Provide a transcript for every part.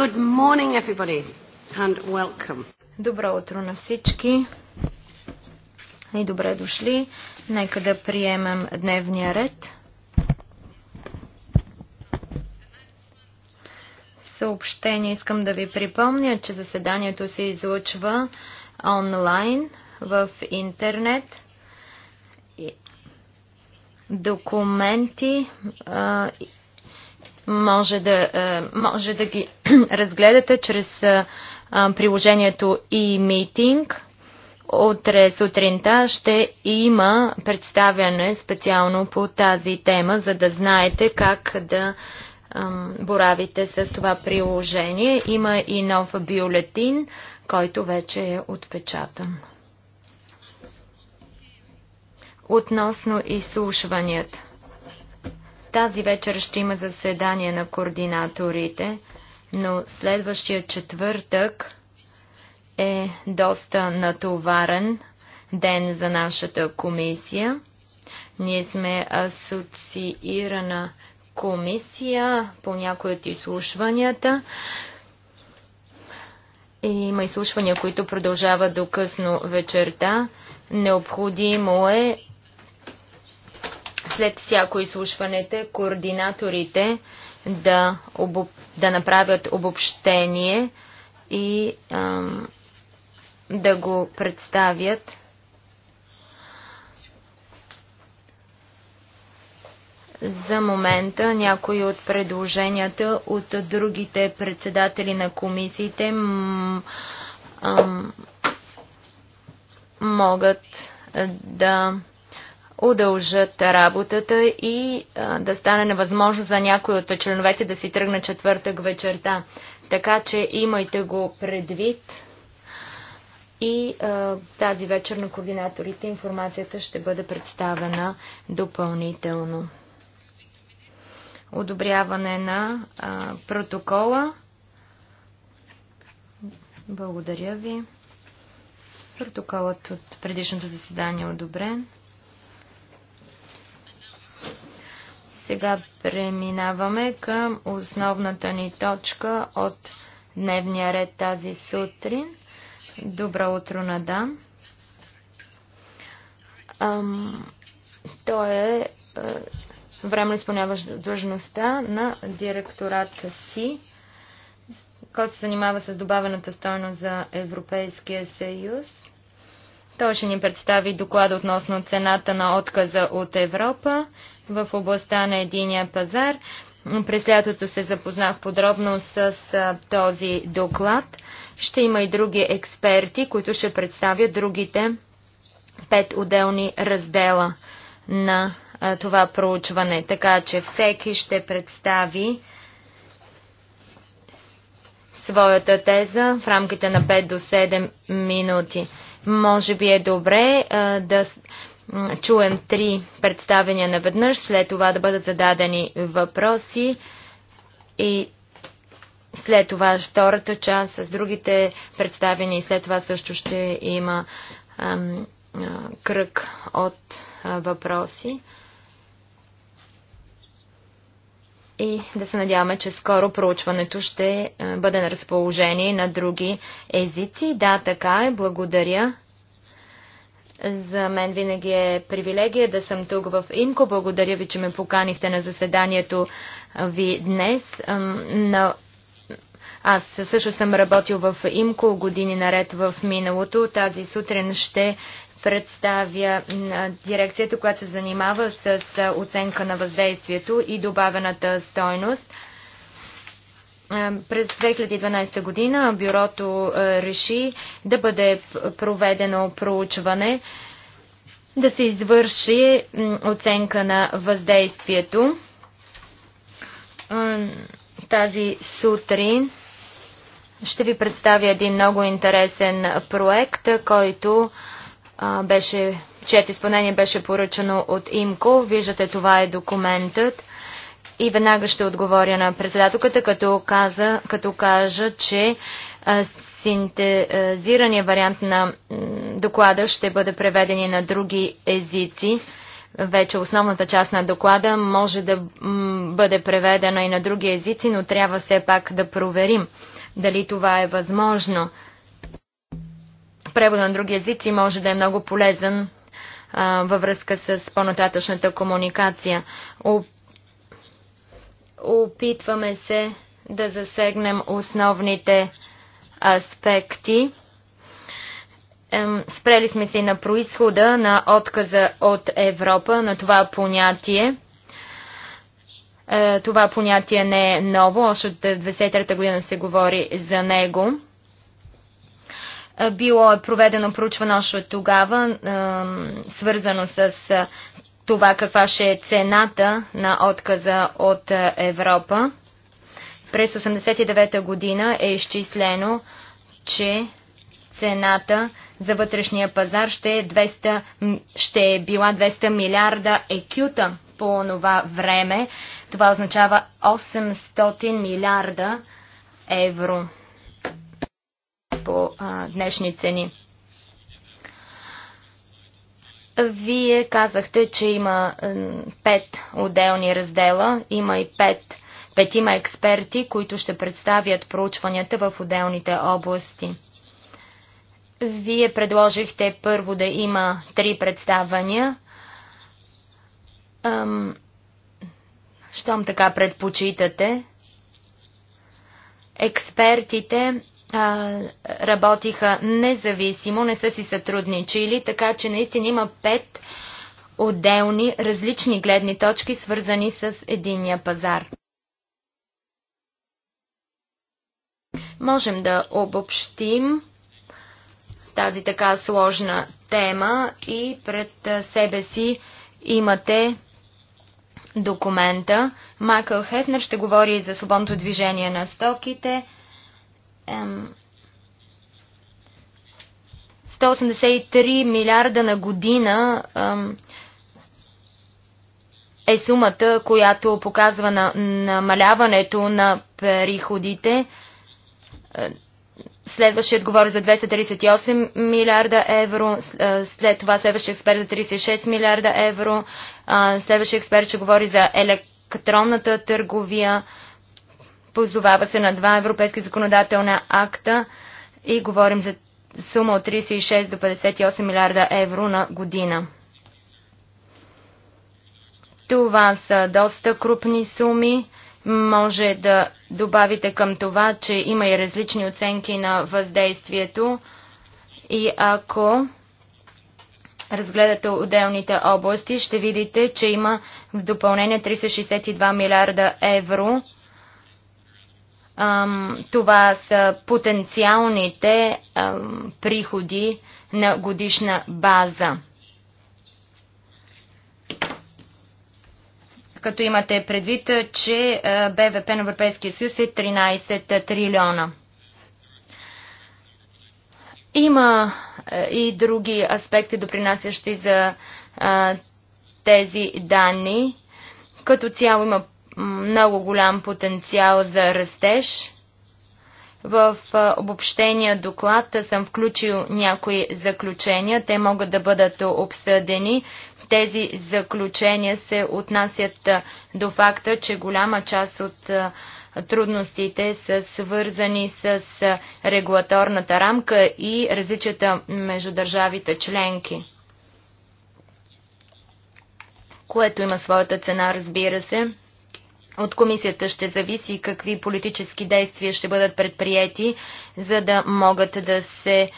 Good morning, everybody, and welcome. Добро утро на всички и добре дошли. Нека да приемем дневния ред. Съобщение искам да ви припомня, че заседанието се излъчва онлайн в интернет. Документи а, може да, е, може да ги разгледате чрез е, е, приложението e митинг. Утре сутринта ще има представяне специално по тази тема, за да знаете как да боравите с това приложение. Има и нов бюлетин, който вече е отпечатан. Относно изслушванията. Тази вечер ще има заседание на координаторите, но следващия четвъртък е доста натоварен ден за нашата комисия. Ние сме асоциирана комисия по някои от изслушванията. И има изслушвания, които продължават до късно вечерта. Необходимо е след всяко изслушването координаторите да, обоб... да направят обобщение и ам, да го представят. За момента някои от предложенията от другите председатели на комисиите могат да удължат работата и а, да стане невъзможно за някой от членовете да си тръгне четвъртък вечерта. Така че имайте го предвид и а, тази вечер на координаторите информацията ще бъде представена допълнително. Одобряване на а, протокола. Благодаря ви. Протоколът от предишното заседание е одобрен. Сега преминаваме към основната ни точка от дневния ред тази сутрин. Добро утро на Дан. Ам, той е, е временно изпълняващ длъжността на директората си, който се занимава с добавената стойност за Европейския съюз. Той ще ни представи доклада относно цената на отказа от Европа в областта на единия пазар. През лятото се запознах подробно с този доклад. Ще има и други експерти, които ще представят другите пет отделни раздела на това проучване. Така че всеки ще представи своята теза в рамките на 5 до 7 минути. Може би е добре а, да чуем три представения наведнъж, след това да бъдат зададени въпроси и след това втората част с другите представения и след това също ще има ам, а, кръг от а, въпроси. И да се надяваме, че скоро проучването ще бъде на разположение на други езици. Да, така е. Благодаря. За мен винаги е привилегия да съм тук в Инко. Благодаря ви, че ме поканихте на заседанието ви днес. но аз също съм работил в ИМКО години наред в миналото. Тази сутрин ще представя дирекцията, която се занимава с оценка на въздействието и добавената стойност. Е, през 2012 година бюрото е, реши да бъде проведено проучване, да се извърши оценка на въздействието. Е, тази сутрин ще ви представя един много интересен проект, който беше, чието изпълнение беше поръчано от ИМКО. Виждате, това е документът. И веднага ще отговоря на председателката, като, каза, като кажа, че синтезирания вариант на доклада ще бъде и на други езици. Вече основната част на доклада може да бъде преведена и на други езици, но трябва все пак да проверим дали това е възможно. Превода на други езици може да е много полезен във връзка с по-нататъчната комуникация. Опитваме се да засегнем основните аспекти. Спрели сме се на происхода на отказа от Европа на това понятие. Е, това понятие не е ново, още от 23-та година се говори за него. Е, било е проведено проучване още от тогава, свързано с това каква ще е цената на отказа от е, Европа. През 1989 година е изчислено, че цената за вътрешния пазар ще е, 200, ще е била 200 милиарда екюта по това време. Това означава 800 милиарда евро по а, днешни цени. Вие казахте, че има пет отделни раздела, има и пет, петима експерти, които ще представят проучванията в отделните области. Вие предложихте първо да има три представания. Ам, щом така предпочитате, експертите работиха независимо, не са си сътрудничили, така че наистина има пет отделни различни гледни точки, свързани с единия пазар. Можем да обобщим тази така сложна тема и пред себе си имате документа. Майкъл Хефнер ще говори за свободното движение на стоките. 183 милиарда на година е сумата, която показва на намаляването на приходите. Е, следващият говори за 238 милиарда евро, е, след това следващия експерт за 36 милиарда евро, следващия експерт ще говори за електронната търговия. Позовава се на два европейски законодателна акта и говорим за сума от 36 до 58 милиарда евро на година. Това са доста крупни суми. Може да добавите към това, че има и различни оценки на въздействието. И ако разгледате отделните области, ще видите, че има в допълнение 362 милиарда евро това са потенциалните приходи на годишна база. Като имате предвид, че БВП на Европейския съюз е 13 трилиона. Има и други аспекти, допринасящи за тези данни. Като цяло има много голям потенциал за растеж. В обобщения доклад съм включил някои заключения. Те могат да бъдат обсъдени. Тези заключения се отнасят до факта, че голяма част от трудностите са свързани с регулаторната рамка и различията между държавите членки, което има своята цена, разбира се от комисията ще зависи какви политически действия ще бъдат предприяти, за да могат да се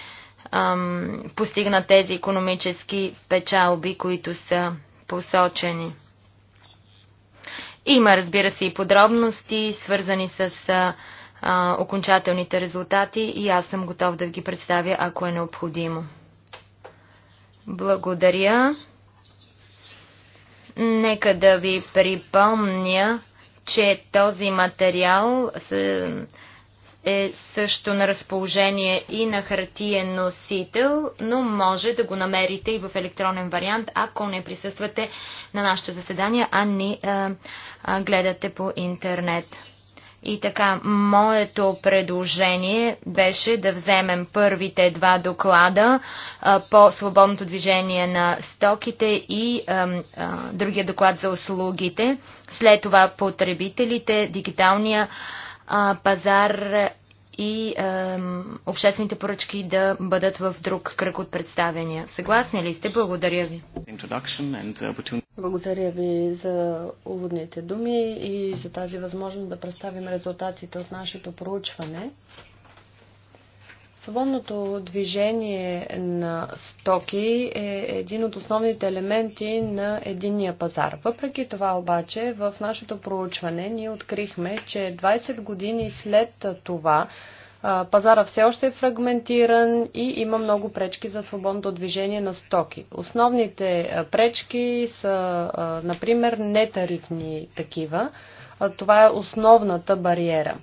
ам, постигнат тези економически печалби, които са посочени. Има, разбира се, и подробности, свързани с а, окончателните резултати и аз съм готов да ги представя, ако е необходимо. Благодаря. Нека да ви припомня, че този материал е също на разположение и на хартиен носител, но може да го намерите и в електронен вариант, ако не присъствате на нашето заседание, а ни а, а, гледате по интернет. И така, моето предложение беше да вземем първите два доклада а, по свободното движение на стоките и а, а, другия доклад за услугите, след това потребителите, дигиталния пазар и е, обществените поръчки да бъдат в друг кръг от представения. Съгласни ли сте? Благодаря ви. Благодаря ви за уводните думи и за тази възможност да представим резултатите от нашето проучване. Свободното движение на стоки е един от основните елементи на единния пазар. Въпреки това обаче в нашето проучване ние открихме, че 20 години след това пазара все още е фрагментиран и има много пречки за свободното движение на стоки. Основните пречки са, например, нетарифни такива. Това е основната бариера.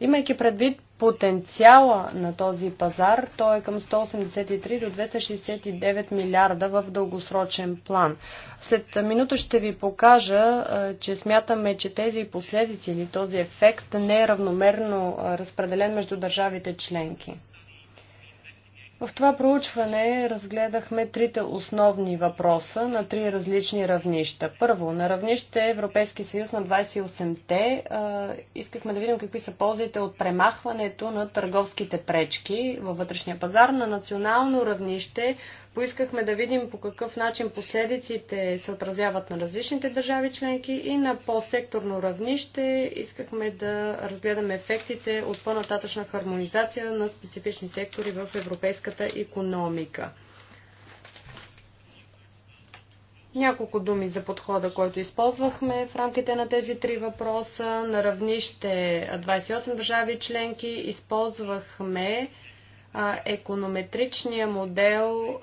Имайки предвид потенциала на този пазар, той е към 183 до 269 милиарда в дългосрочен план. След минута ще ви покажа, че смятаме, че тези последици или този ефект не е равномерно разпределен между държавите членки. В това проучване разгледахме трите основни въпроса на три различни равнища. Първо, на равнище Европейски съюз на 28-те искахме да видим какви са ползите от премахването на търговските пречки във вътрешния пазар. На национално равнище Поискахме да видим по какъв начин последиците се отразяват на различните държави членки и на по-секторно равнище. Искахме да разгледаме ефектите от по-нататъчна хармонизация на специфични сектори в европейската економика. Няколко думи за подхода, който използвахме в рамките на тези три въпроса. На равнище 28 държави членки използвахме економетричния модел,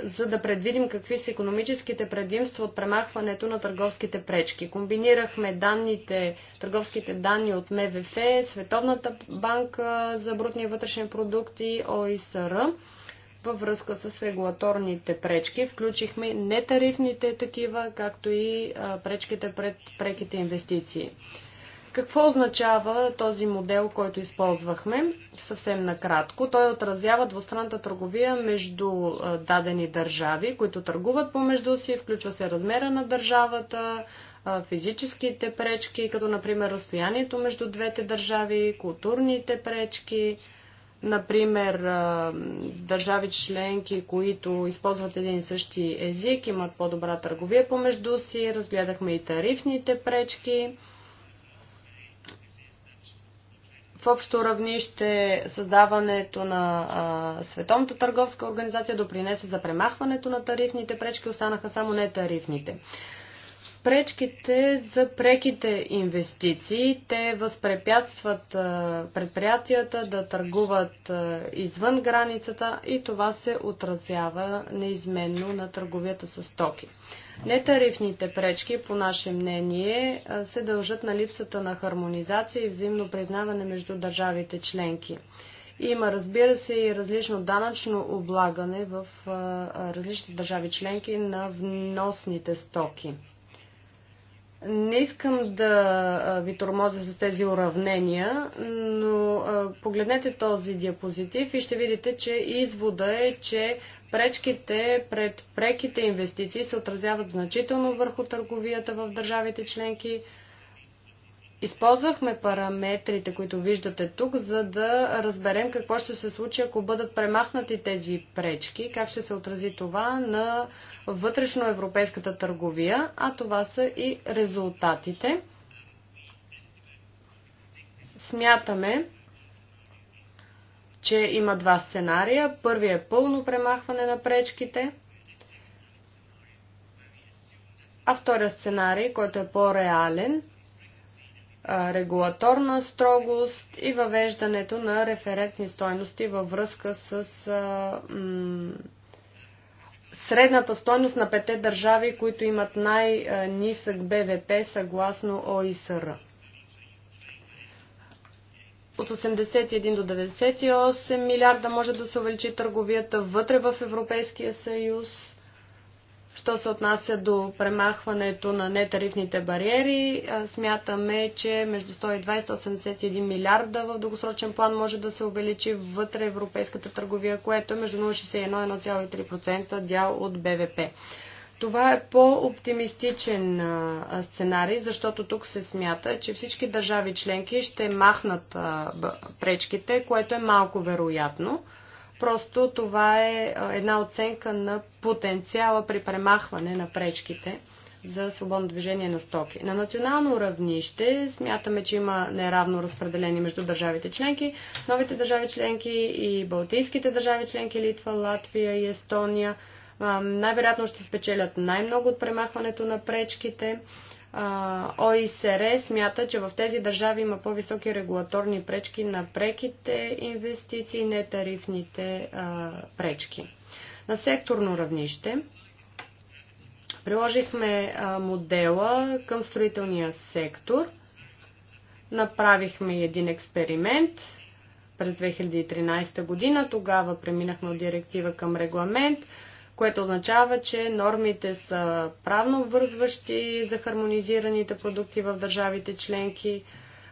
за да предвидим какви са економическите предимства от премахването на търговските пречки. Комбинирахме данните, търговските данни от МВФ, Световната банка за брутния вътрешен продукт и ОИСР във връзка с регулаторните пречки. Включихме нетарифните такива, както и пречките пред преките инвестиции. Какво означава този модел, който използвахме? Съвсем накратко. Той отразява двустранната търговия между дадени държави, които търгуват помежду си. Включва се размера на държавата, физическите пречки, като например разстоянието между двете държави, културните пречки, например, държави членки, които използват един и същи език, имат по-добра търговия помежду си, разгледахме и тарифните пречки, в общо равнище създаването на а, Световната търговска организация допринесе за премахването на тарифните пречки, останаха само нетарифните. Пречките за преките инвестиции, те възпрепятстват а, предприятията да търгуват а, извън границата и това се отразява неизменно на търговията с токи. Нетарифните пречки, по наше мнение, се дължат на липсата на хармонизация и взаимно признаване между държавите членки. Има, разбира се, и различно данъчно облагане в различни държави членки на вносните стоки. Не искам да ви тормозя с тези уравнения, но погледнете този диапозитив и ще видите, че извода е, че пречките пред преките инвестиции се отразяват значително върху търговията в държавите членки – Използвахме параметрите, които виждате тук, за да разберем какво ще се случи, ако бъдат премахнати тези пречки, как ще се отрази това на вътрешноевропейската търговия, а това са и резултатите. Смятаме, че има два сценария. Първият е пълно премахване на пречките, а втория сценарий, който е по-реален – регулаторна строгост и въвеждането на референтни стойности във връзка с средната стойност на пете държави, които имат най-нисък БВП съгласно ОИСР. От 81 до 98 милиарда може да се увеличи търговията вътре в Европейския съюз Що се отнася до премахването на нетарифните бариери, смятаме, че между 120-81 милиарда в дългосрочен план може да се увеличи вътре европейската търговия, което е между 0,61 и 1,3% дял от БВП. Това е по-оптимистичен сценарий, защото тук се смята, че всички държави членки ще махнат пречките, което е малко вероятно. Просто това е една оценка на потенциала при премахване на пречките за свободно движение на стоки. На национално равнище смятаме, че има неравно разпределение между държавите членки. Новите държави членки и балтийските държави членки Литва, Латвия и Естония най-вероятно ще спечелят най-много от премахването на пречките. ОИСР смята, че в тези държави има по-високи регулаторни пречки на преките инвестиции и нетарифните пречки. На секторно равнище приложихме модела към строителния сектор. Направихме един експеримент през 2013 година. Тогава преминахме от директива към регламент което означава, че нормите са правно вързващи за хармонизираните продукти в държавите членки.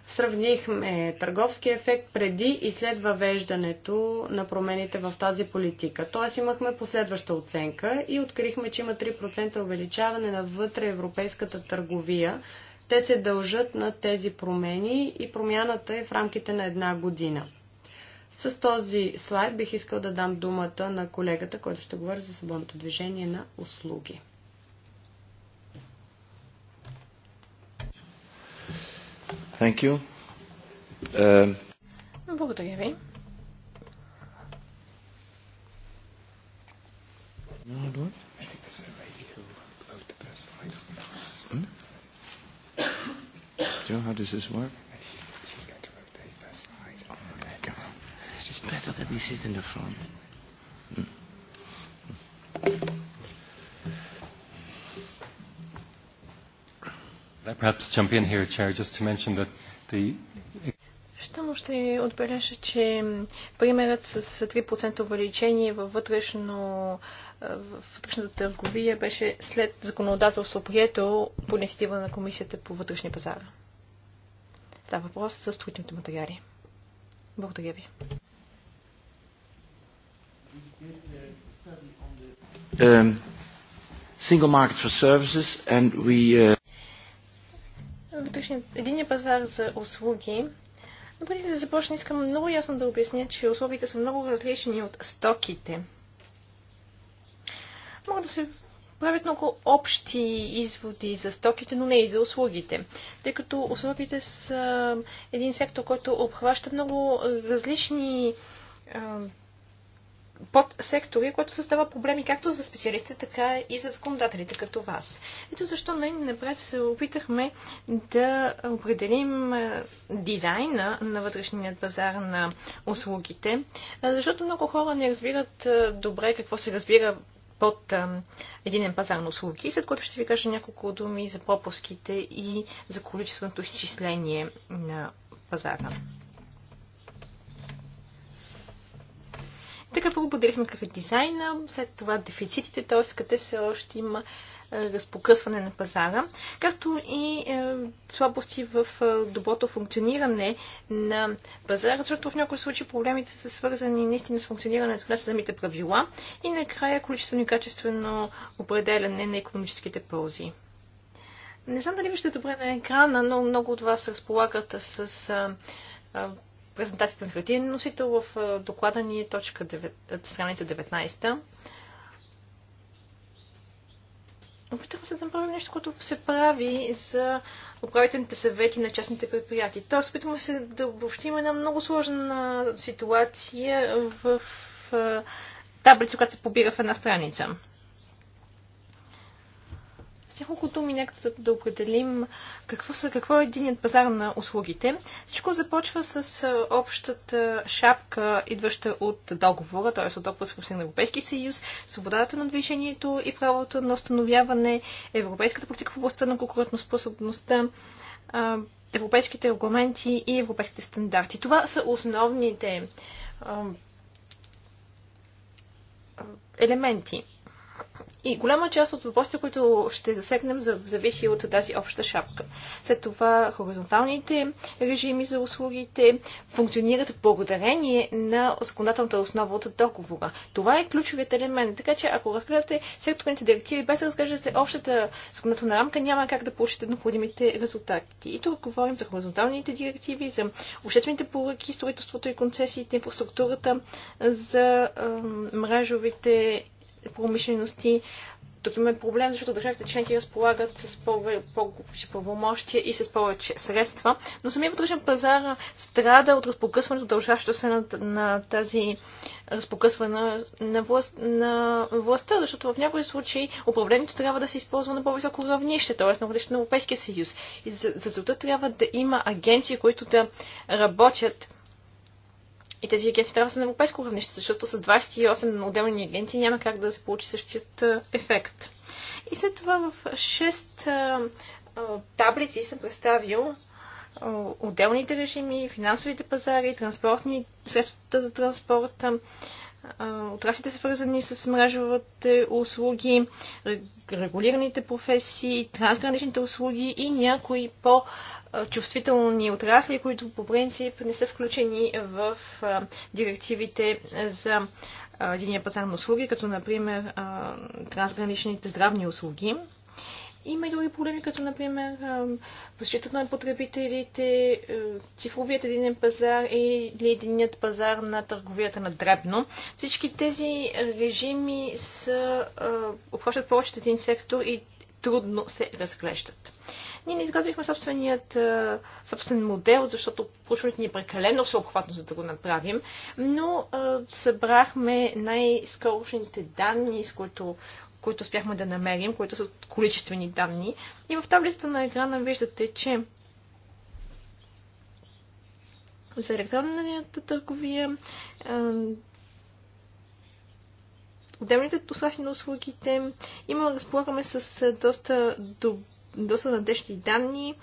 Сравнихме търговския ефект преди и след въвеждането на промените в тази политика. Тоест имахме последваща оценка и открихме, че има 3% увеличаване на вътреевропейската търговия. Те се дължат на тези промени и промяната е в рамките на една година. С този слайд бих искал да дам думата на колегата, който ще говори за свободното движение на услуги. Thank you. Uh... Благодаря ви. Do you know how does this work? better that we sit in the front. I perhaps jump in here, Chair, just to mention that the Щемо ще отбележа, че примерът с 3% увеличение във вътрешно, вътрешната търговия беше след законодателство прието по инициатива на Комисията по вътрешния пазар. Става въпрос с строителните материали. Благодаря ви. Um, single market for services and we... Uh... Единия пазар за услуги. Но преди да започна, искам много ясно да обясня, че услугите са много различни от стоките. Могат да се правят много общи изводи за стоките, но не и за услугите. Тъй като услугите са един сектор, който обхваща много различни подсектори, което създава проблеми както за специалистите, така и за законодателите като вас. Ето защо най-напред се опитахме да определим дизайна на вътрешният пазар на услугите, защото много хора не разбират добре какво се разбира под единен пазар на услуги, след което ще ви кажа няколко думи за пропуските и за количественото изчисление на пазара. Така първо поделихме какъв е дизайна, след това дефицитите, т.е. къде все още има е, разпокъсване на пазара, както и е, слабости в е, доброто функциониране на пазара, защото в някои случаи проблемите са свързани наистина с функционирането на самите правила и накрая количествено и качествено определяне на економическите ползи. Не знам дали виждате добре на екрана, но много от вас разполагат с презентацията на хартиен носител в доклада ни е точка 9, страница 19. Опитам се да направим нещо, което се прави за управителните съвети на частните предприятия. Тоест, опитвам се да обобщим една много сложна ситуация в таблица, която се побира в една страница няколко думи нека да определим какво, са, какво е единият пазар на услугите. Всичко започва с общата шапка, идваща от договора, т.е. от договора с на Европейски съюз, свободата на движението и правото на установяване, европейската политика в областта на конкурентоспособността, европейските регламенти и европейските стандарти. Това са основните елементи и голяма част от въпросите, които ще засегнем, зависи от тази обща шапка. След това хоризонталните режими за услугите функционират благодарение на законодателната основа от договора. Това е ключовият елемент. Така че ако разгледате секторните директиви без да разглеждате общата законодателна рамка, няма как да получите необходимите резултати. И тук говорим за хоризонталните директиви, за обществените поръки, строителството и концесиите, инфраструктурата, за мрежовите промишлености. Тук имаме проблем, защото държавите членки разполагат с повече правомощия и с повече средства, но самият вътрешен пазар страда от разпокъсването, дължащо се на, на тази разпокъсване на, власт, на властта, защото в някои случаи управлението трябва да се използва на по-високо равнище, т.е. на равнище на Европейския съюз. И за, за целта трябва да има агенции, които да работят и тези агенции трябва да са на европейско равнище, защото с 28 отделни агенции няма как да се получи същият ефект. И след това в 6 таблици съм представил отделните режими, финансовите пазари, транспортни, средствата за транспорта, отраслите свързани с мрежовите услуги, регулираните професии, трансграничните услуги и някои по-чувствителни отрасли, които по принцип не са включени в директивите за единия пазар на услуги, като например трансграничните здравни услуги. Има и други проблеми, като например защитата на потребителите, е, цифровият единен пазар или единият пазар на търговията на дребно. Всички тези режими са, обхващат повече един сектор и трудно се разглеждат. Ние не изготвихме собственият, собствен модел, защото проучването ни е прекалено всеобхватно, за да го направим, но събрахме най-скорошните данни, с които които успяхме да намерим, които са количествени данни. И в таблицата на екрана виждате, че за електронната търговия, отделните доставки на услугите, има, разполагаме с доста, до, доста надежни данни,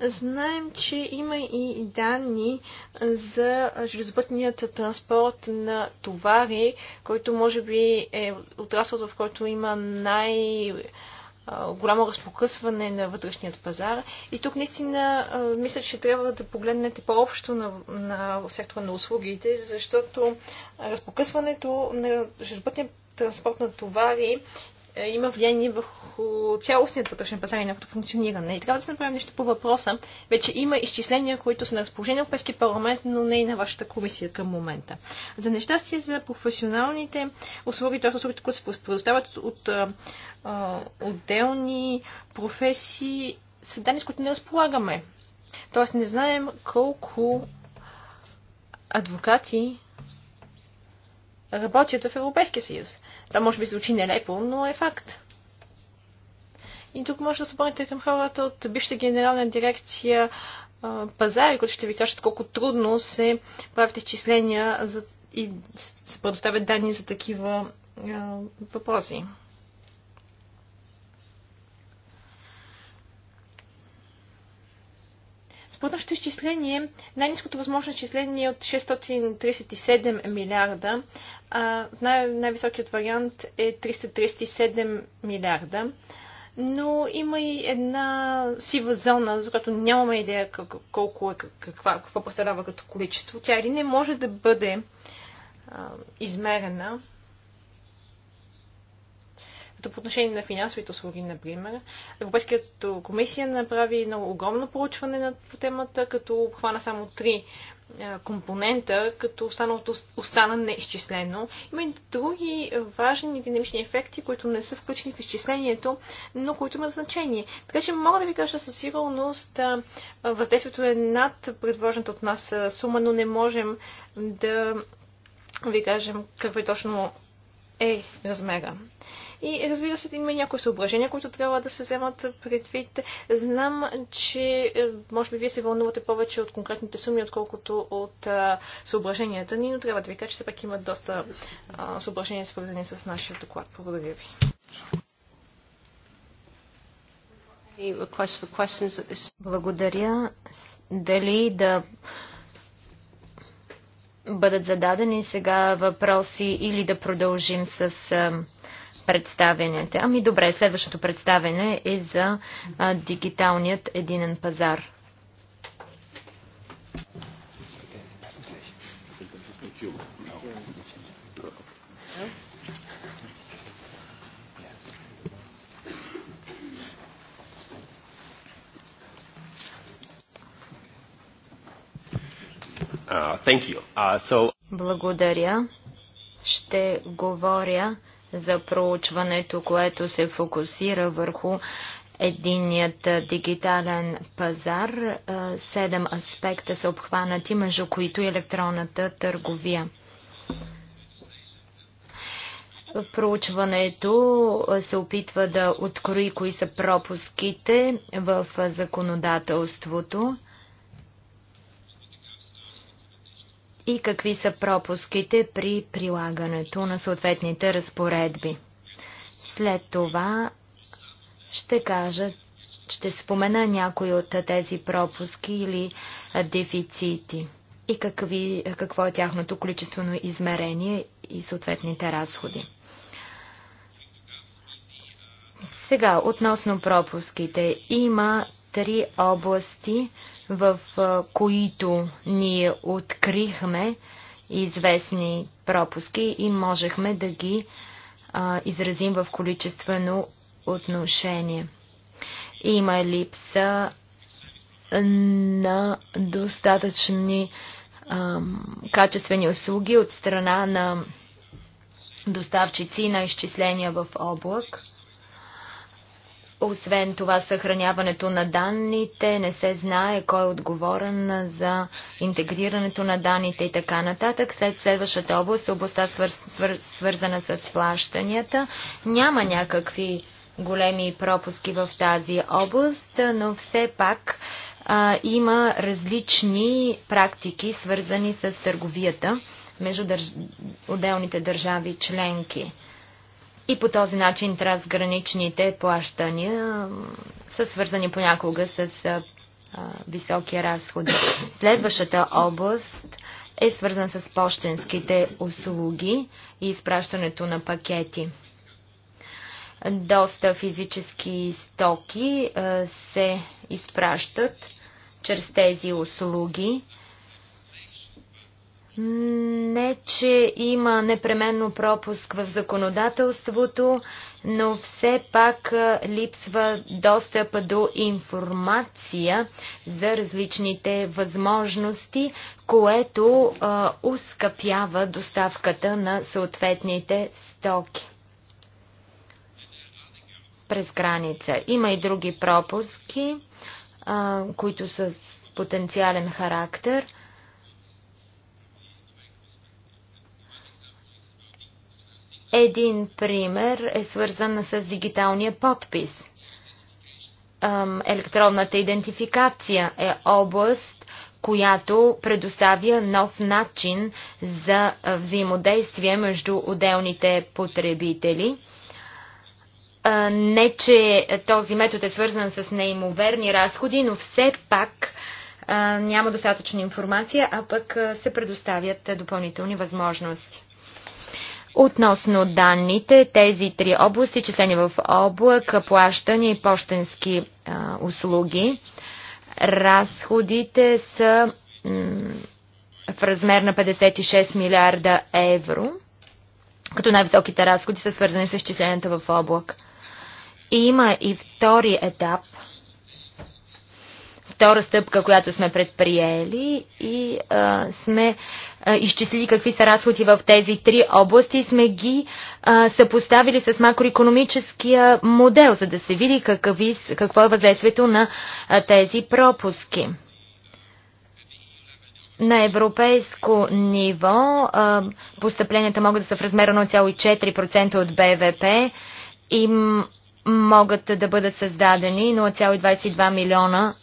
Знаем, че има и данни за железопътният транспорт на товари, който може би е отрасъл, в който има най- голямо разпокъсване на вътрешният пазар. И тук наистина мисля, че трябва да погледнете по-общо на, на сектора на услугите, защото разпокъсването на железопътния транспорт на товари е, има влияние върху цялостният вътрешен пазар и неговото функциониране. И трябва да се направим нещо по въпроса. Вече има изчисления, които са на разположение в Европейския парламент, но не и на вашата комисия към момента. За нещастие за професионалните услуги, т.е. услугите, които се предоставят от а, а, отделни професии, са данни, с които не разполагаме. Тоест не знаем колко адвокати работят в Европейския съюз. Това може би звучи нелепо, но е факт. И тук може да се обърнете към хората от бившата генерална дирекция пазари, които ще ви кажат колко трудно се правят изчисления и се предоставят данни за такива въпроси. Според нашето изчисление, най-низкото възможно изчисление е от 637 милиарда, а най- най-високият вариант е 337 милиарда. Но има и една сива зона, за която нямаме идея колко е, каква, какво представлява като количество. Тя или не може да бъде а, измерена, като по отношение на финансовите услуги, например. Европейската комисия направи много огромно проучване по темата, като обхвана само три е, компонента, като останалото остана неизчислено. Има и други важни динамични ефекти, които не са включени в изчислението, но които имат значение. Така че мога да ви кажа със сигурност, е, въздействието е над предложената от нас е, сума, но не можем да ви кажем какво е точно е размера. И разбира се, има и някои съображения, които трябва да се вземат предвид. Знам, че е, може би вие се вълнувате повече от конкретните суми, отколкото от а, съображенията ни, но трябва да ви кажа, че все пак има доста а, съображения, свързани с нашия доклад. Благодаря ви. Благодаря. Дали да бъдат зададени сега въпроси или да продължим с представенията. Ами добре, следващото представене е за а, дигиталният единен пазар. Uh, uh, so... Благодаря. Ще говоря за проучването, което се фокусира върху единният дигитален пазар. Е, седем аспекта са обхванати, между които и електронната търговия. Проучването се опитва да открои кои са пропуските в законодателството. и какви са пропуските при прилагането на съответните разпоредби. След това ще кажа, ще спомена някои от тези пропуски или дефицити и какви, какво е тяхното количествено измерение и съответните разходи. Сега, относно пропуските, има три области, в които ние открихме известни пропуски и можехме да ги а, изразим в количествено отношение. Има липса на достатъчни а, качествени услуги от страна на доставчици на изчисления в облак. Освен това, съхраняването на данните, не се знае кой е отговорен за интегрирането на данните и така нататък. След следващата област, областта свър... Свър... свързана с плащанията, няма някакви големи пропуски в тази област, но все пак а, има различни практики, свързани с търговията между държ... отделните държави членки. И по този начин трансграничните плащания са свързани понякога с високи разходи. Следващата област е свързана с почтенските услуги и изпращането на пакети. Доста физически стоки се изпращат чрез тези услуги не, че има непременно пропуск в законодателството, но все пак липсва достъп до информация за различните възможности, което а, ускъпява доставката на съответните стоки през граница. Има и други пропуски, а, които са потенциален характер – Един пример е свързан с дигиталния подпис. Електронната идентификация е област, която предоставя нов начин за взаимодействие между отделните потребители. Не, че този метод е свързан с неимоверни разходи, но все пак няма достатъчна информация, а пък се предоставят допълнителни възможности. Относно данните, тези три области, числени в облак, плащане и почтенски услуги, разходите са в размер на 56 милиарда евро, като най-високите разходи са свързани с численията в облак. И има и втори етап – втора стъпка, която сме предприели и а, сме а, изчислили какви са разходи в тези три области и сме ги а, съпоставили с макроекономическия модел, за да се види какви, какво е въздействието на а, тези пропуски. На европейско ниво а, постъпленията могат да са в размера 0,4% от БВП. Им могат да бъдат създадени 0,22 милиона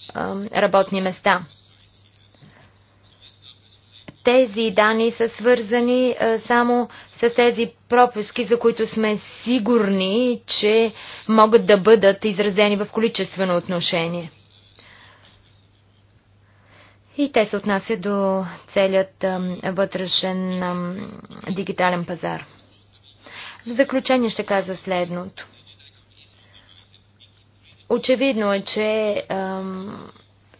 работни места. Тези данни са свързани само с тези пропуски, за които сме сигурни, че могат да бъдат изразени в количествено отношение. И те се отнасят до целият вътрешен дигитален пазар. В заключение ще каза следното. Очевидно е, че ем,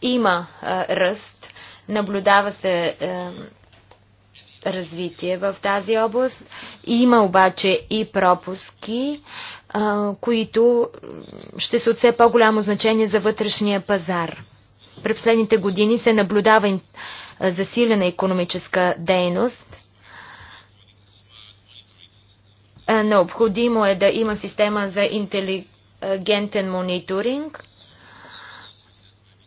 има е, ръст, наблюдава се е, развитие в тази област. Има обаче и пропуски, е, които ще са от все по-голямо значение за вътрешния пазар. През последните години се наблюдава засилена економическа дейност. Необходимо е да има система за интелигентност агентен е, мониторинг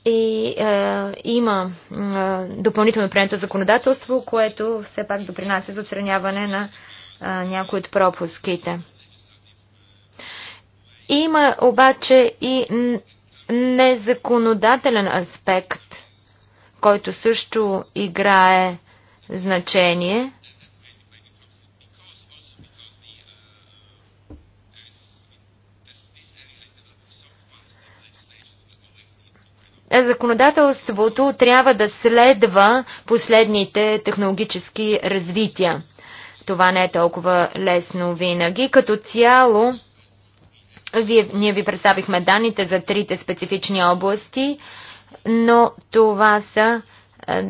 и е, има е, допълнително приемето законодателство, което все пак допринася за отстраняване на е, някои от пропуските. Има обаче и незаконодателен аспект, който също играе значение – законодателството трябва да следва последните технологически развития. Това не е толкова лесно винаги. Като цяло, вие, ние ви представихме данните за трите специфични области, но това са е,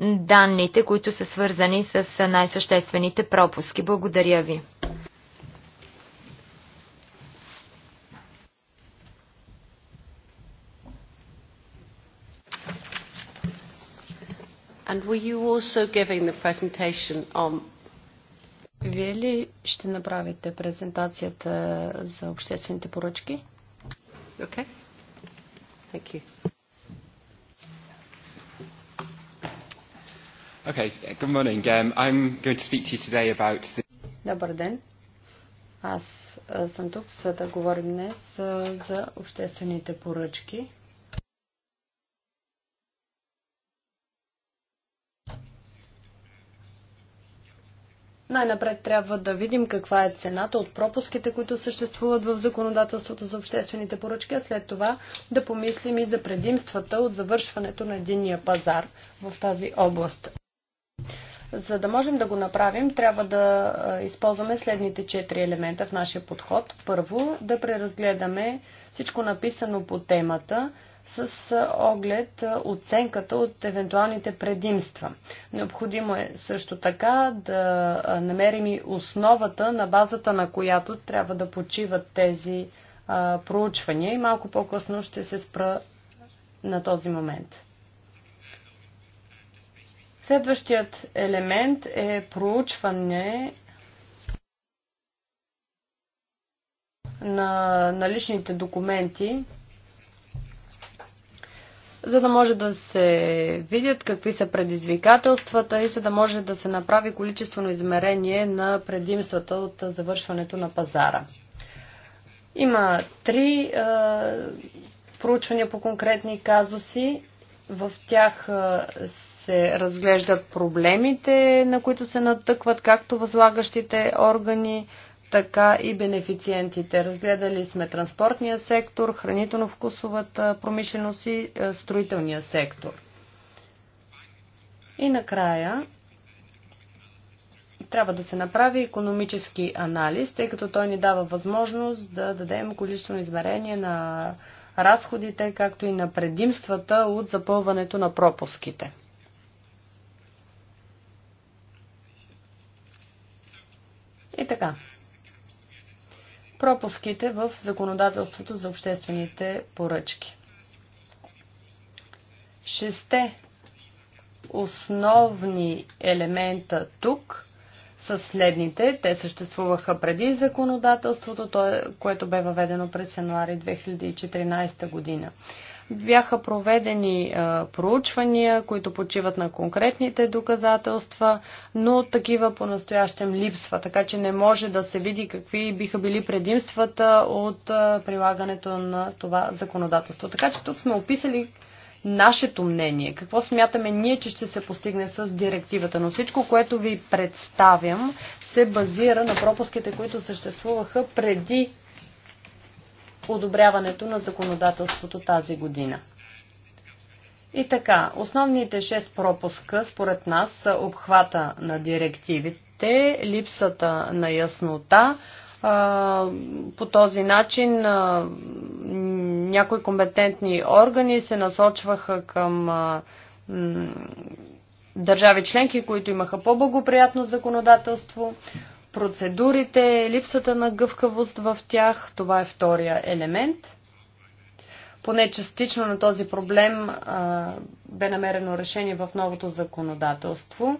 данните, които са свързани с най-съществените пропуски. Благодаря ви. And were you also giving the presentation on вие ли ще направите презентацията за обществените поръчки? Okay. Thank you. Okay, good morning. Um, I'm going to speak to you today about the... Добър ден. Аз съм тук, за да говорим днес за обществените поръчки. Най-напред трябва да видим каква е цената от пропуските, които съществуват в законодателството за обществените поръчки, а след това да помислим и за предимствата от завършването на единния пазар в тази област. За да можем да го направим, трябва да използваме следните четири елемента в нашия подход. Първо, да преразгледаме всичко написано по темата – с оглед оценката от евентуалните предимства. Необходимо е също така да намерим и основата, на базата на която трябва да почиват тези проучвания и малко по-късно ще се спра на този момент. Следващият елемент е проучване на наличните документи за да може да се видят какви са предизвикателствата и за да може да се направи количествено измерение на предимствата от завършването на пазара. Има три е, проучвания по конкретни казуси. В тях се разглеждат проблемите, на които се натъкват както възлагащите органи, така и бенефициентите. Разгледали сме транспортния сектор, хранително-вкусовата промишленост и е, строителния сектор. И накрая трябва да се направи економически анализ, тъй като той ни дава възможност да дадем количествено измерение на разходите, както и на предимствата от запълването на пропуските. И така пропуските в законодателството за обществените поръчки. Шесте основни елемента тук са следните. Те съществуваха преди законодателството, е- което бе въведено през януари 2014 година. Бяха проведени а, проучвания, които почиват на конкретните доказателства, но такива по-настоящем липсва, така че не може да се види какви биха били предимствата от а, прилагането на това законодателство. Така че тук сме описали нашето мнение, какво смятаме ние, че ще се постигне с директивата. Но всичко, което ви представям, се базира на пропуските, които съществуваха преди одобряването на законодателството тази година. И така, основните 6 пропуска според нас са обхвата на директивите, липсата на яснота. По този начин някои компетентни органи се насочваха към държави членки, които имаха по-благоприятно законодателство процедурите, липсата на гъвкавост в тях, това е втория елемент. Поне частично на този проблем а, бе намерено решение в новото законодателство.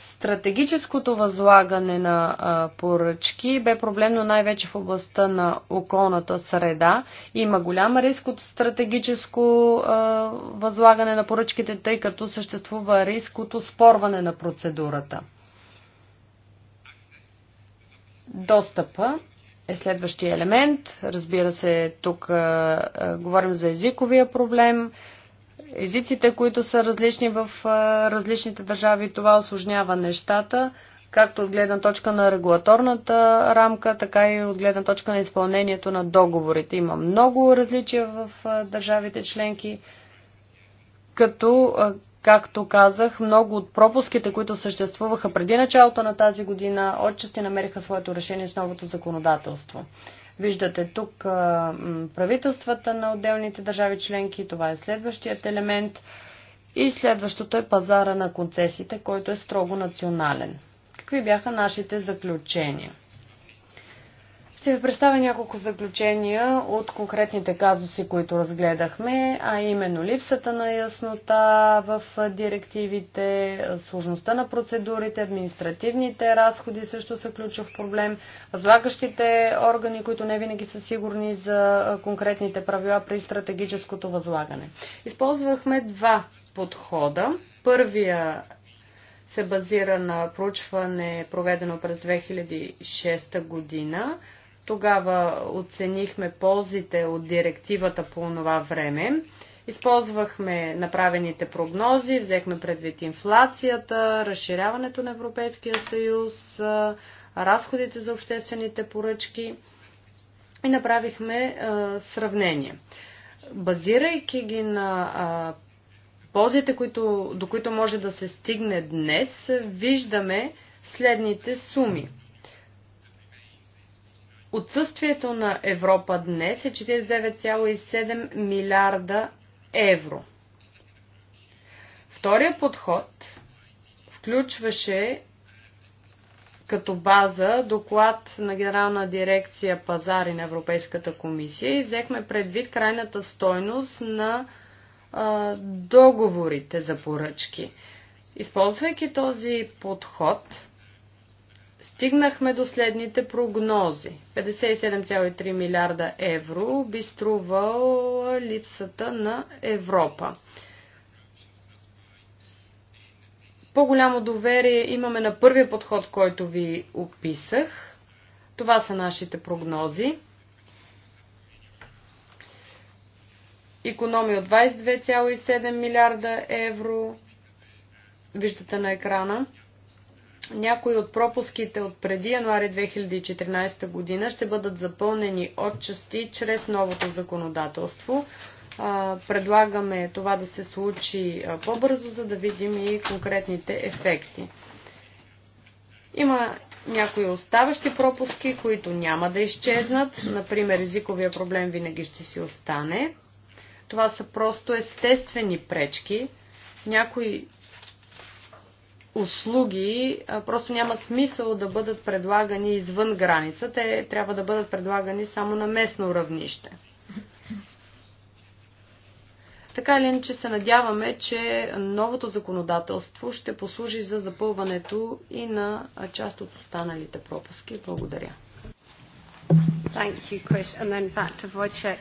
Стратегическото възлагане на а, поръчки бе проблемно най-вече в областта на околната среда. Има голям риск от стратегическо а, възлагане на поръчките, тъй като съществува риск от спорване на процедурата. Достъпа е следващия елемент. Разбира се, тук а, а, говорим за езиковия проблем. Езиците, които са различни в а, различните държави, това осложнява нещата, както от гледна точка на регулаторната рамка, така и от гледна точка на изпълнението на договорите. Има много различия в а, държавите членки, като а, Както казах, много от пропуските, които съществуваха преди началото на тази година, отчасти намериха своето решение с новото законодателство. Виждате тук правителствата на отделните държави членки, това е следващият елемент. И следващото е пазара на концесиите, който е строго национален. Какви бяха нашите заключения? Ще ви представя няколко заключения от конкретните казуси, които разгледахме, а именно липсата на яснота в директивите, сложността на процедурите, административните разходи също са ключов проблем, възлагащите органи, които не винаги са сигурни за конкретните правила при стратегическото възлагане. Използвахме два подхода. Първия се базира на проучване, проведено през 2006 година тогава оценихме ползите от директивата по това време. Използвахме направените прогнози, взехме предвид инфлацията, разширяването на Европейския съюз, разходите за обществените поръчки и направихме а, сравнение. Базирайки ги на а, ползите, които, до които може да се стигне днес, виждаме следните суми. Отсъствието на Европа днес е 49,7 милиарда евро. Втория подход включваше като база доклад на Генерална дирекция пазари на Европейската комисия и взехме предвид крайната стойност на а, договорите за поръчки. Използвайки този подход, Стигнахме до следните прогнози. 57,3 милиарда евро би струвала липсата на Европа. По-голямо доверие имаме на първия подход, който ви описах. Това са нашите прогнози. Економи от 22,7 милиарда евро. Виждате на екрана някои от пропуските от преди януари 2014 година ще бъдат запълнени от части чрез новото законодателство. Предлагаме това да се случи по-бързо, за да видим и конкретните ефекти. Има някои оставащи пропуски, които няма да изчезнат. Например, езиковия проблем винаги ще си остане. Това са просто естествени пречки. Някои услуги просто нямат смисъл да бъдат предлагани извън граница. Те трябва да бъдат предлагани само на местно равнище. Така или иначе се надяваме, че новото законодателство ще послужи за запълването и на част от останалите пропуски. Благодаря. You, Chris.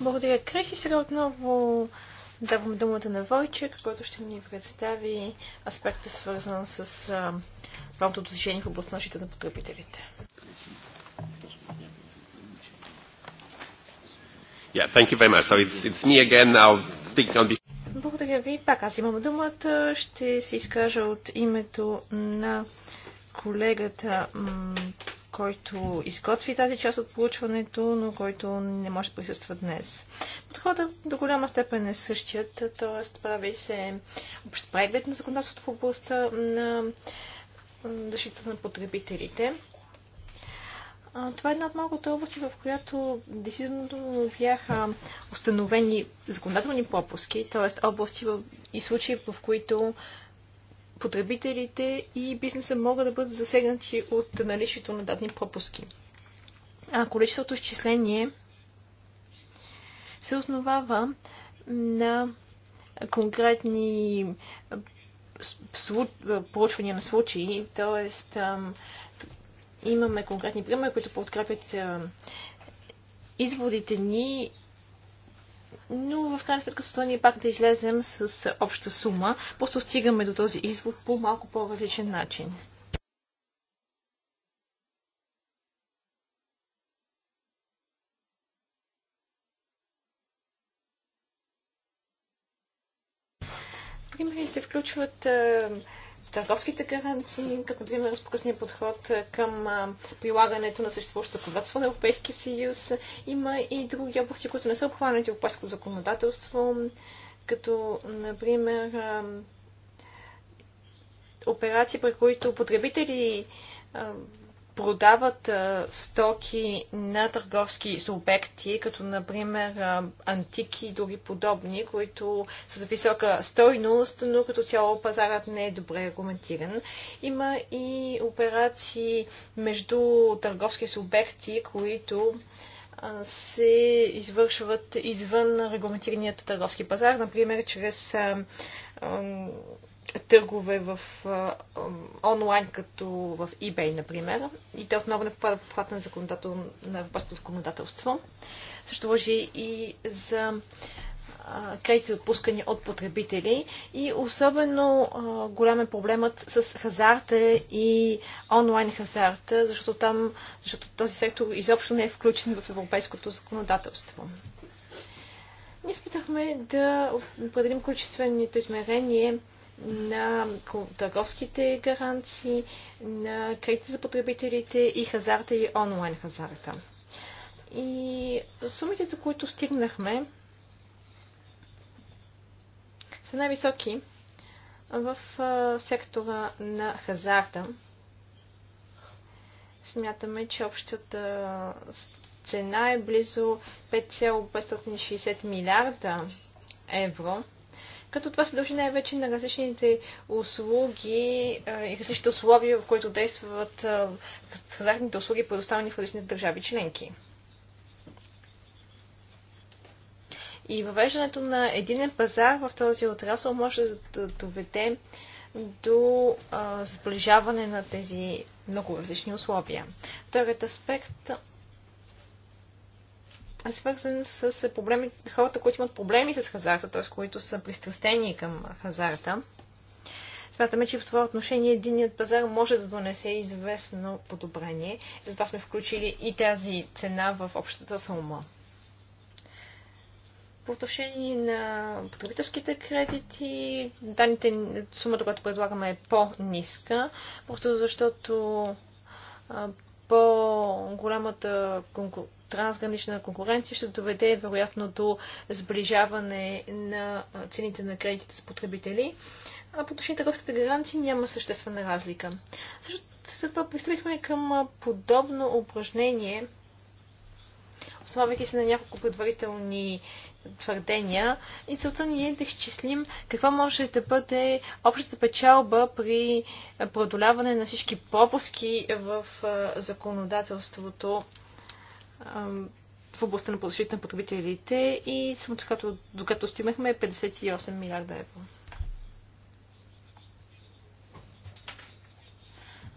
Благодаря, Крис. И сега отново Давам думата на Войчек, който ще ни представи аспекта свързан с правното движение в областта на защита на потребителите. Yeah, thank you very much. So it's, it's me again now speaking on behalf благодаря ви. Пак аз имам думата. Ще се изкажа от името на колегата който изготви тази част от получването, но който не може да присъства днес. Подходът до голяма степен е същият, т.е. прави се общ преглед на законодателството в областта на защита на потребителите. Това е една от малкото области, в която действително бяха установени законодателни пропуски, т.е. области и случаи, в които потребителите и бизнеса могат да бъдат засегнати от наличието на дадени пропуски. А количеството изчисление се основава на конкретни проучвания на случаи, т.е. имаме конкретни примери, които подкрепят изводите ни но в крайна сметка това ние пак да излезем с обща сума. Просто стигаме до този извод по малко по-различен начин. Примерите включват е, търговските гаранции, като например разпокъсния подход към прилагането на съществуващо законодателство на Европейския съюз. Има и други области, които не са обхванати европейското законодателство, като например операции, при които потребители продават стоки на търговски субекти, като например антики и други подобни, които са с висока стойност, но като цяло пазарът не е добре регламентиран. Има и операции между търговски субекти, които се извършват извън регламентираният търговски пазар, например чрез търгове в а, онлайн, като в eBay, например, и те отново не попадат в обхвата на, законодател, на европейското законодателство. Също въжи и за кредити отпускани от потребители и особено а, голям е проблемът с хазарта и онлайн хазарта, защото там, защото този сектор изобщо не е включен в европейското законодателство. Ние спитахме да определим количествените измерение на търговските гаранции, на кредити за потребителите и хазарта и онлайн хазарта. И сумите, до които стигнахме, са най-високи в сектора на хазарта. Смятаме, че общата цена е близо 5,560 милиарда евро като това се дължи най-вече на различните услуги и различните условия, в които действат хазартните услуги, предоставени в различните държави членки. И въвеждането на един пазар в този отрасъл може да доведе до а, сближаване на тези много различни условия. Вторият аспект е свързан с проблеми, хората, които имат проблеми с хазарта, т.е. които са пристрастени към хазарта. Смятаме, че в това отношение единният пазар може да донесе известно подобрение. Затова сме включили и тази цена в общата сума. По отношение на потребителските кредити, данните, сумата, която предлагаме е по-ниска, просто защото по-голямата трансгранична конкуренция ще доведе вероятно до сближаване на цените на кредитите с потребители. А по отношение търговските гаранции няма съществена разлика. Също след това пристъпихме към подобно упражнение, основавайки се на няколко предварителни твърдения и целта ни е да изчислим каква може да бъде общата печалба при преодоляване на всички пропуски в законодателството в областта на защита на потребителите и сумата, която докато стигнахме 58 е милиарда евро.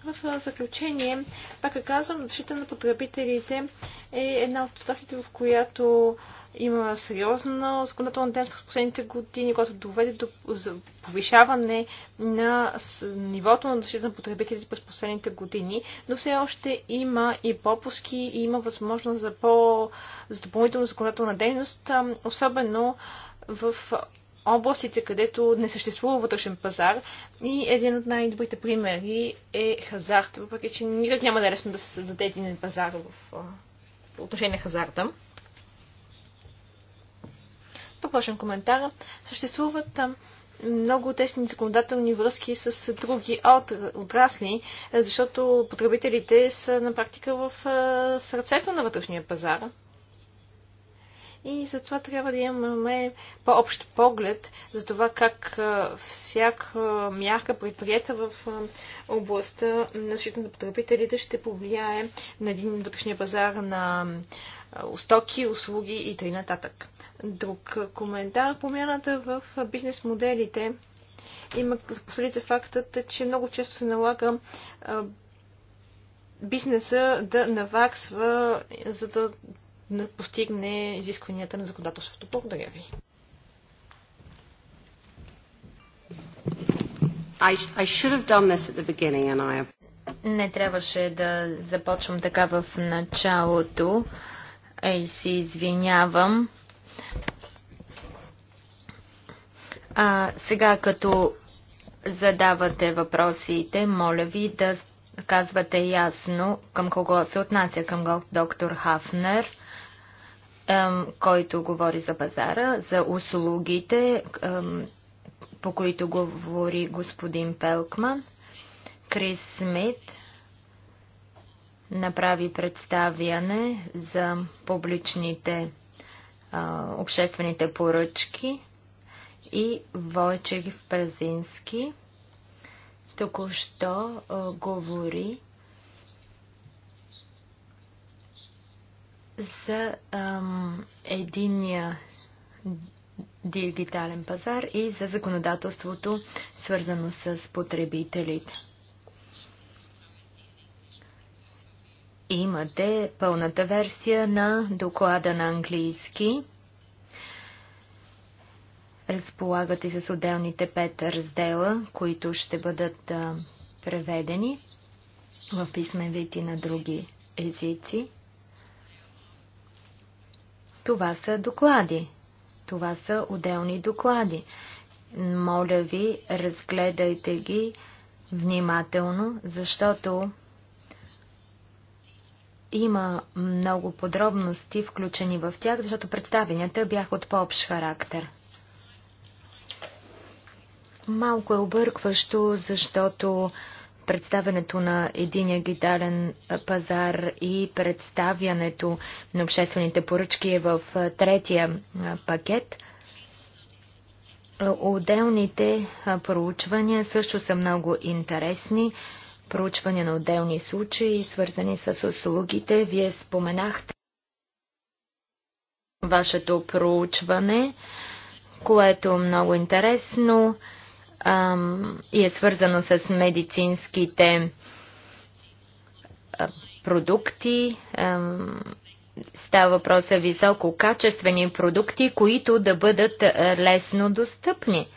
В заключение, пак казвам, защита на потребителите е една от отраслите, в която има сериозна законодателна дейност през последните години, която доведе до повишаване на нивото на защита на потребителите през последните години, но все още има и пропуски и има възможност за, по, за допълнителна законодателна дейност, особено в областите, където не съществува вътрешен пазар. И един от най-добрите примери е хазарт, въпреки че никак няма да е лесно да се създаде един пазар в, в отношение на хазарта. Тук важен коментар. Съществуват много тесни законодателни връзки с други отрасли, защото потребителите са на практика в сърцето на вътрешния пазар. И затова трябва да имаме по-общ поглед за това как всяка мярка предприета в областта на защита на потребителите ще повлияе на един вътрешния пазар на стоки, услуги и т.н. нататък друг коментар. Промяната в бизнес моделите има последица фактът, че много често се налага бизнеса да наваксва, за да постигне изискванията на законодателството. Благодаря ви. I, I should have done this at the beginning and I не трябваше да започвам така в началото. Ей, си извинявам. А, сега, като задавате въпросите, моля ви да казвате ясно към кого се отнася, към доктор Хафнер, който говори за пазара, за услугите, по които говори господин Пелкман. Крис Смит направи представяне за публичните обществените поръчки и Войчев Празински току-що говори за ам, единия дигитален пазар и за законодателството, свързано с потребителите. Имате пълната версия на доклада на английски. Разполагате с отделните пет раздела, които ще бъдат преведени в писмен вид и на други езици. Това са доклади. Това са отделни доклади. Моля ви, разгледайте ги внимателно, защото има много подробности включени в тях, защото представенията бяха от по-общ характер. Малко е объркващо, защото представянето на единия гитарен пазар и представянето на обществените поръчки е в третия пакет. Отделните проучвания също са много интересни. Проучвания на отделни случаи, свързани с услугите. Вие споменахте вашето проучване, което е много интересно и е свързано с медицинските продукти. Става въпрос за висококачествени продукти, които да бъдат лесно достъпни.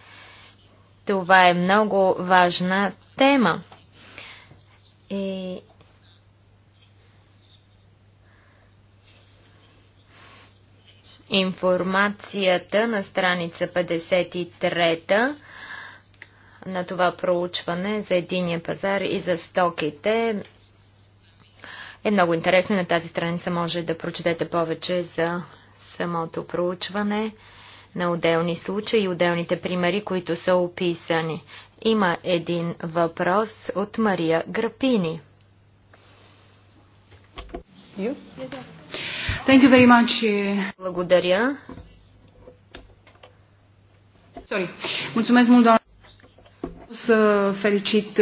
Това е много важна тема. И информацията на страница 53 на това проучване за единия пазар и за стоките е много интересно. На тази страница може да прочетете повече за самото проучване на отделни случаи и отделните примери, които са описани. Има един въпрос от Мария Грапини. Благодаря. Sorry. Mulțumesc mult, doamna să felicit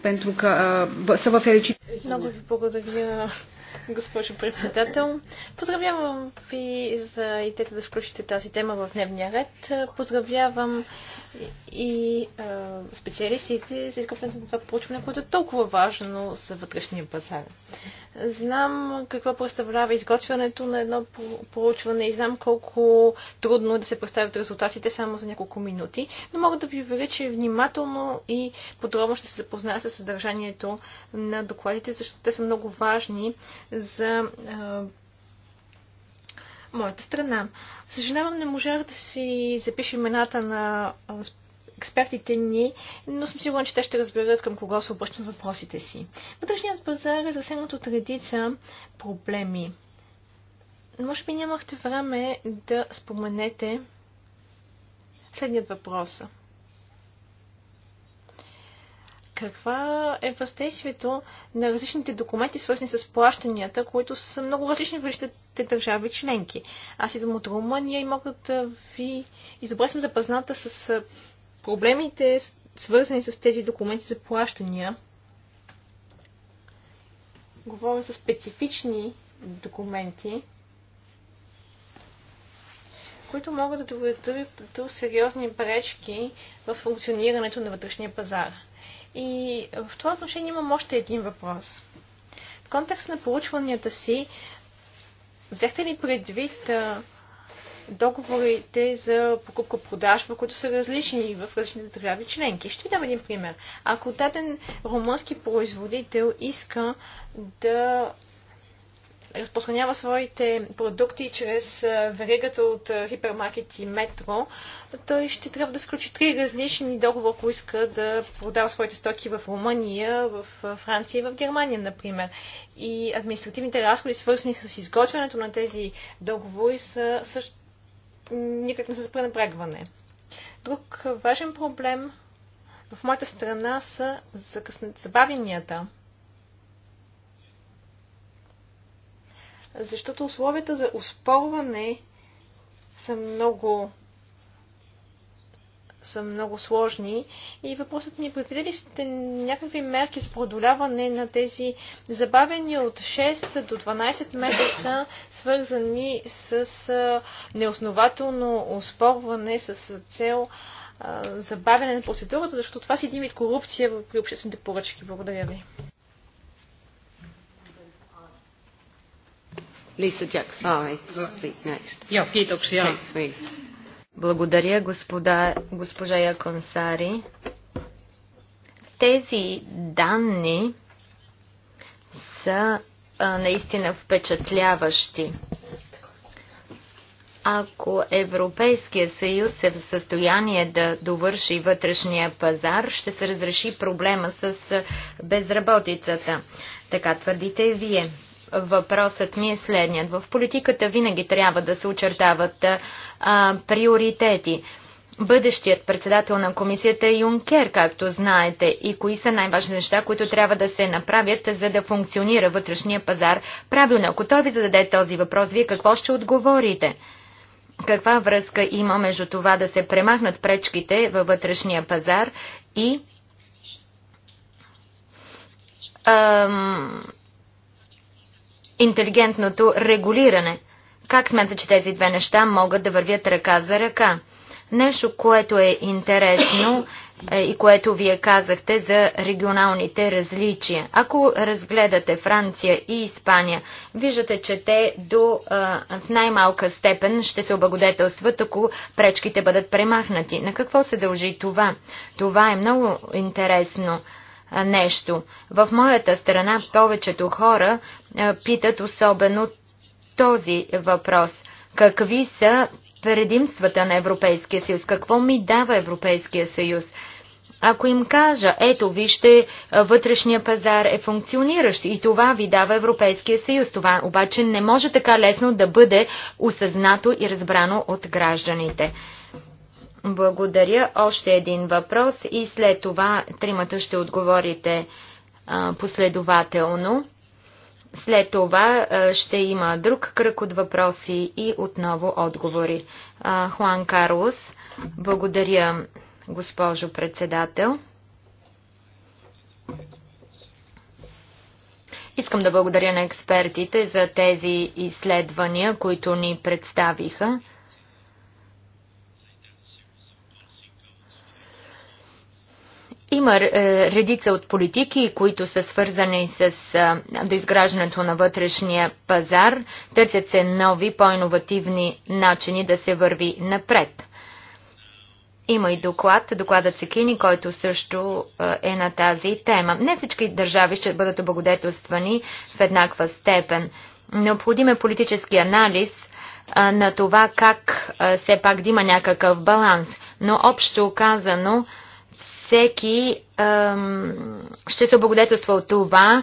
pentru că să vă felicit. Много ви благодаря госпожо председател. Поздравявам ви за идеята да включите тази тема в дневния ред. Поздравявам и а, специалистите за изкупването на това проучване, което е толкова важно за вътрешния пазар. Знам какво представлява изготвянето на едно проучване и знам колко трудно е да се представят резултатите само за няколко минути, но мога да ви уверя, че внимателно и подробно ще се запозная с съдържанието на докладите, защото те са много важни за а, моята страна. Съжалявам, не можах да си запиша имената на експертите ни, но съм сигурна, че те ще разберат към кого се обръщат въпросите си. Вътрешният пазар е засегнат от редица проблеми. Може би нямахте време да споменете следният въпрос каква е въздействието на различните документи, свързани с плащанията, които са много различни в различните държави членки. Аз идвам от Румъния и мога да ви... изобре съм запозната с проблемите, свързани с тези документи за плащания. Говоря за специфични документи, които могат да доведат до сериозни пречки в функционирането на вътрешния пазар. И в това отношение имам още един въпрос. В контекст на получванията си, взехте ли предвид договорите за покупка-продажба, които са различни в различните държави членки. Ще ви дам един пример. Ако даден румънски производител иска да разпространява своите продукти чрез веригата от хипермаркети метро, той ще трябва да сключи три различни договора, ако иска да продава своите стоки в Румъния, в Франция и в Германия, например. И административните разходи, свързани с изготвянето на тези договори, са също никак не са за пренебрегване. Друг важен проблем в моята страна са забавенията. защото условията за успорване са много са много сложни. И въпросът ми е, предвидели сте някакви мерки за преодоляване на тези забавени от 6 до 12 месеца, свързани с неоснователно оспорване с цел забавяне на процедурата, защото това си един вид корупция при обществените поръчки. Благодаря ви. Лиса Джаксари Благодаря, господа, госпожа Яконсари. Тези данни са а, наистина впечатляващи. Ако Европейския съюз е в състояние да довърши вътрешния пазар, ще се разреши проблема с безработицата. Така твърдите и вие. Въпросът ми е следният. В политиката винаги трябва да се очертават а, приоритети. Бъдещият председател на комисията е Юнкер, както знаете, и кои са най-важни неща, които трябва да се направят, за да функционира вътрешния пазар правилно. Ако той ви зададе този въпрос, вие какво ще отговорите? Каква връзка има между това да се премахнат пречките във вътрешния пазар и интелигентното регулиране. Как смята, че тези две неща могат да вървят ръка за ръка? Нещо, което е интересно е, и което вие казахте за регионалните различия. Ако разгледате Франция и Испания, виждате, че те до, е, в най-малка степен ще се облагодетелстват, ако пречките бъдат премахнати. На какво се дължи това? Това е много интересно. Е, нещо. В моята страна повечето хора питат особено този въпрос. Какви са предимствата на Европейския съюз? Какво ми дава Европейския съюз? Ако им кажа, ето вижте, вътрешния пазар е функциониращ и това ви дава Европейския съюз, това обаче не може така лесно да бъде осъзнато и разбрано от гражданите. Благодаря. Още един въпрос и след това тримата ще отговорите а, последователно. След това а, ще има друг кръг от въпроси и отново отговори. А, Хуан Карлос, благодаря, госпожо председател. Искам да благодаря на експертите за тези изследвания, които ни представиха. Има е, редица от политики, които са свързани с доизграждането на вътрешния пазар. Търсят се нови, по-инновативни начини да се върви напред. Има и доклад, докладът Секини, който също е на тази тема. Не всички държави ще бъдат облагодетелствани в еднаква степен. Необходим е политически анализ на това как все пак да има някакъв баланс. Но общо казано, всеки ще се облагодетелства от това,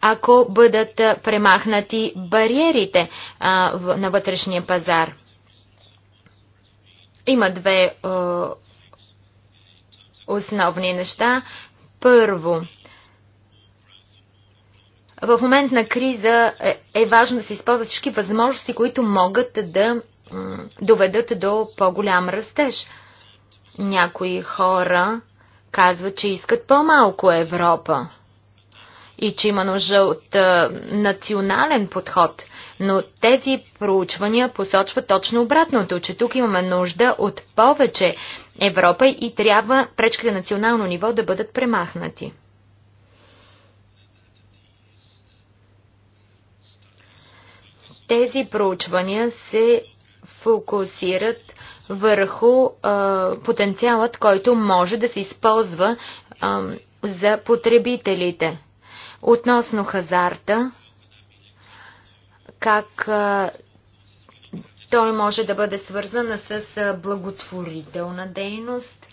ако бъдат премахнати бариерите а, в, на вътрешния пазар. Има две основни неща. Първо, в момент на криза е, е важно да се използват всички възможности, които могат да доведат до по-голям растеж. Някои хора казват, че искат по-малко Европа и че има нужда от а, национален подход. Но тези проучвания посочват точно обратното, че тук имаме нужда от повече Европа и трябва пречките на национално ниво да бъдат премахнати. Тези проучвания се фокусират върху а, потенциалът, който може да се използва а, за потребителите. Относно хазарта, как а, той може да бъде свързан с а, благотворителна дейност.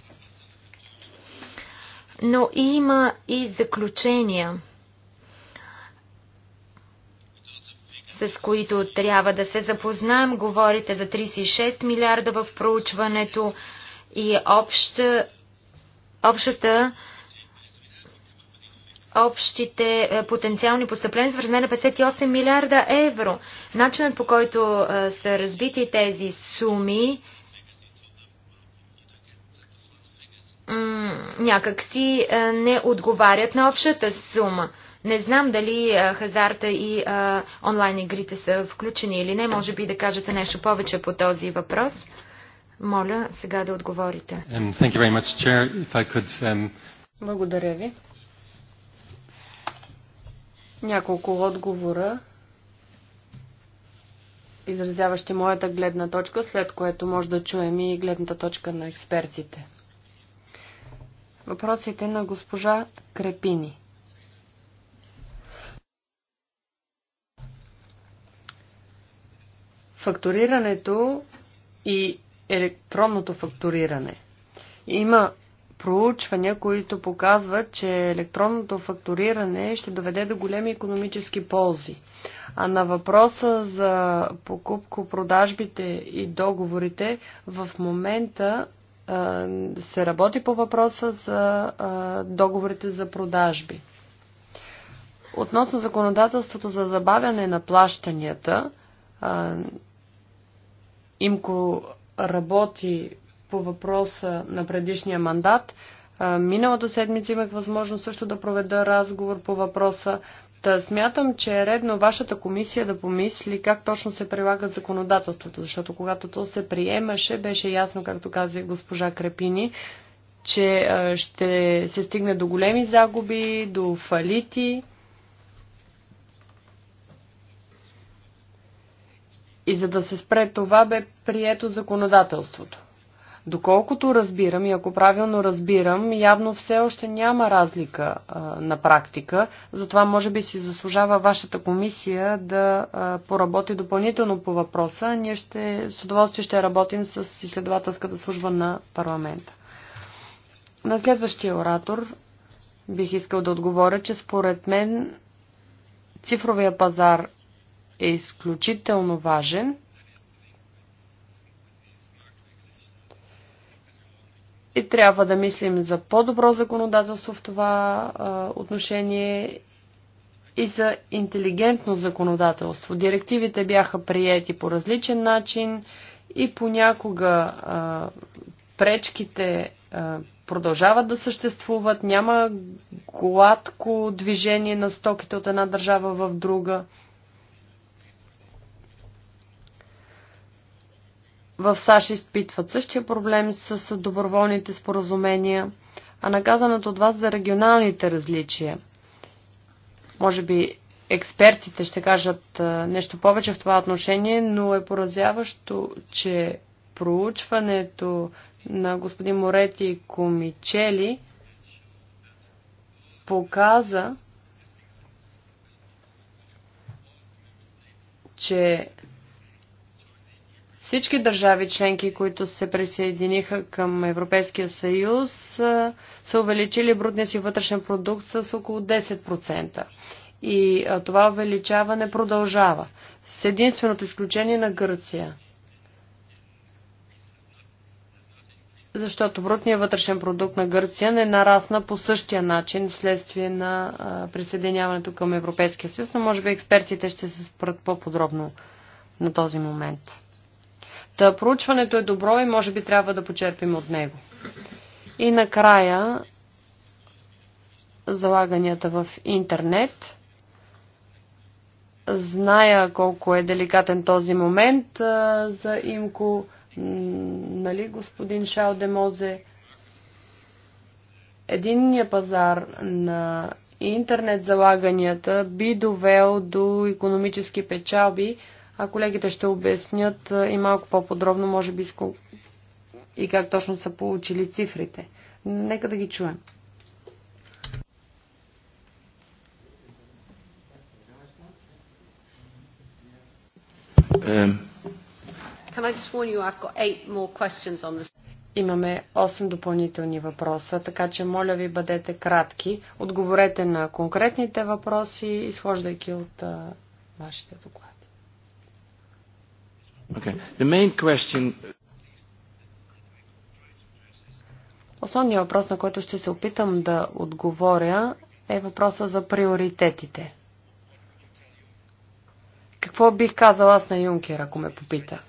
Но има и заключения – с които трябва да се запознаем. Говорите за 36 милиарда в проучването и обща, общата общите е, потенциални постъпления с размер на 58 милиарда евро. Начинът по който е, са разбити тези суми някак си е, не отговарят на общата сума. Не знам дали а, хазарта и а, онлайн игрите са включени или не. Може би да кажете нещо повече по този въпрос. Моля сега да отговорите. Благодаря ви. Няколко отговора, изразяващи моята гледна точка, след което може да чуем и гледната точка на експертите. Въпросите на госпожа Крепини. фактурирането и електронното фактуриране. Има проучвания, които показват, че електронното фактуриране ще доведе до големи економически ползи. А на въпроса за покупко-продажбите и договорите, в момента а, се работи по въпроса за а, договорите за продажби. Относно законодателството за забавяне на плащанията, а, Имко работи по въпроса на предишния мандат. Миналата седмица имах възможност също да проведа разговор по въпроса. Та смятам, че е редно вашата комисия да помисли как точно се прилага законодателството, защото когато то се приемаше, беше ясно, както каза госпожа Крепини, че ще се стигне до големи загуби, до фалити. И за да се спре това, бе прието законодателството. Доколкото разбирам и ако правилно разбирам, явно все още няма разлика а, на практика, затова може би си заслужава вашата комисия да а, поработи допълнително по въпроса. Ние ще, с удоволствие ще работим с изследователската служба на парламента. На следващия оратор бих искал да отговоря, че според мен цифровия пазар е изключително важен. И трябва да мислим за по-добро законодателство в това а, отношение и за интелигентно законодателство. Директивите бяха приети по различен начин и понякога а, пречките а, продължават да съществуват, няма гладко движение на стоките от една държава в друга. В САЩ изпитват същия проблем с доброволните споразумения, а наказаното от вас за регионалните различия. Може би експертите ще кажат нещо повече в това отношение, но е поразяващо, че проучването на господин Морети и Комичели показа, че всички държави членки, които се присъединиха към Европейския съюз, са увеличили брутния си вътрешен продукт с около 10%. И това увеличаване продължава. С единственото изключение на Гърция. защото брутният вътрешен продукт на Гърция не нарасна по същия начин вследствие на присъединяването към Европейския съюз, но може би експертите ще се спрат по-подробно на този момент. Та проучването е добро и може би трябва да почерпим от него. И накрая залаганията в интернет. Зная колко е деликатен този момент а, за Имко, нали, господин Шао Демозе? Единния пазар на интернет залаганията би довел до економически печалби, а колегите ще обяснят и малко по-подробно, може би, и как точно са получили цифрите. Нека да ги чуем. Имаме 8 допълнителни въпроса, така че моля ви бъдете кратки. Отговорете на конкретните въпроси, изхождайки от а, вашите доклади. Okay. The main question... Основният въпрос, на който ще се опитам да отговоря, е въпроса за приоритетите. Какво бих казал аз на Юнкер, ако ме попита?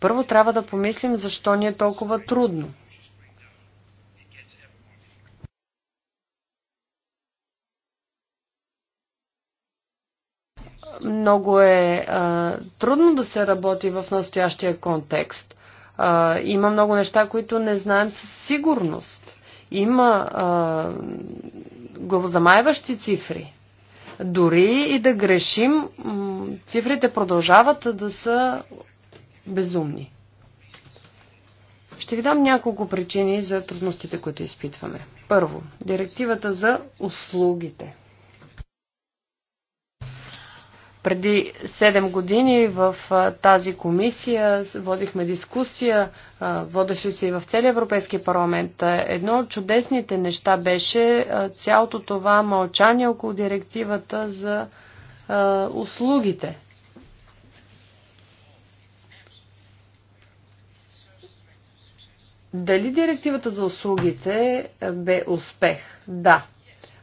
Първо трябва да помислим защо ни е толкова трудно – Много е а, трудно да се работи в настоящия контекст. А, има много неща, които не знаем със сигурност. Има а, главозамайващи цифри. Дори и да грешим, цифрите продължават да са безумни. Ще ви дам няколко причини за трудностите, които изпитваме. Първо, директивата за услугите – преди 7 години в тази комисия водихме дискусия, водеше се и в целия Европейски парламент. Едно от чудесните неща беше цялото това мълчание около директивата за услугите. Дали директивата за услугите бе успех? Да.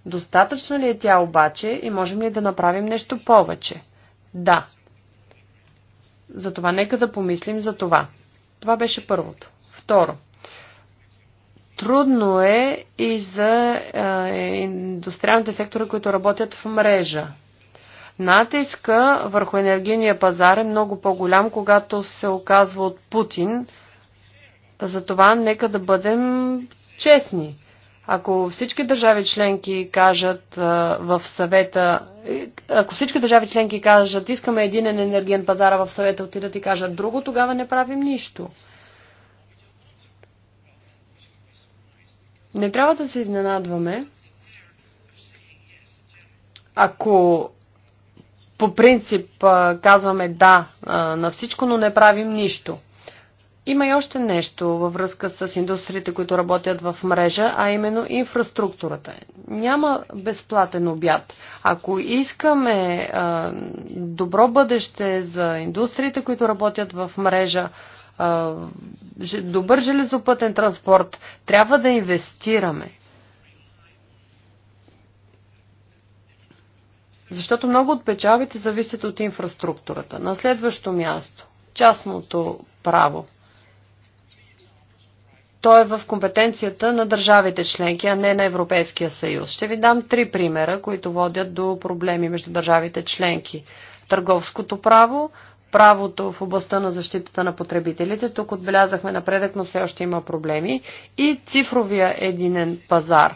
Достатъчна ли е тя обаче и можем ли да направим нещо повече? Да. Затова нека да помислим за това. Това беше първото. Второ. Трудно е и за е, индустриалните сектори, които работят в мрежа. Натиска върху енергийния пазар е много по-голям, когато се оказва от Путин. Затова нека да бъдем честни. Ако всички държави членки кажат а, в съвета, ако всички държави членки кажат, искаме един енергиен пазар, а в съвета отидат и кажат друго, тогава не правим нищо. Не трябва да се изненадваме, ако по принцип казваме да на всичко, но не правим нищо. Има и още нещо във връзка с индустриите, които работят в мрежа, а именно инфраструктурата. Няма безплатен обяд. Ако искаме а, добро бъдеще за индустриите, които работят в мрежа, а, добър железопътен транспорт, трябва да инвестираме. Защото много от печалбите зависят от инфраструктурата. На следващо място частното право. То е в компетенцията на държавите членки, а не на Европейския съюз. Ще ви дам три примера, които водят до проблеми между държавите членки. Търговското право, правото в областта на защитата на потребителите. Тук отбелязахме напредък, но все още има проблеми. И цифровия единен пазар.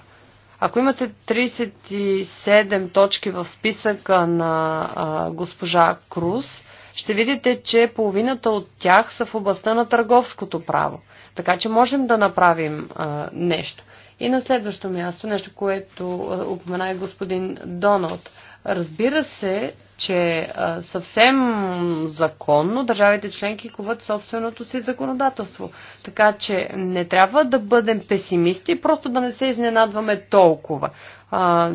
Ако имате 37 точки в списъка на а, госпожа Круз, ще видите, че половината от тях са в областта на търговското право. Така че можем да направим а, нещо. И на следващо място, нещо, което упомена и господин Доналд – Разбира се, че а, съвсем законно държавите членки куват собственото си законодателство. Така че не трябва да бъдем песимисти, просто да не се изненадваме толкова. А,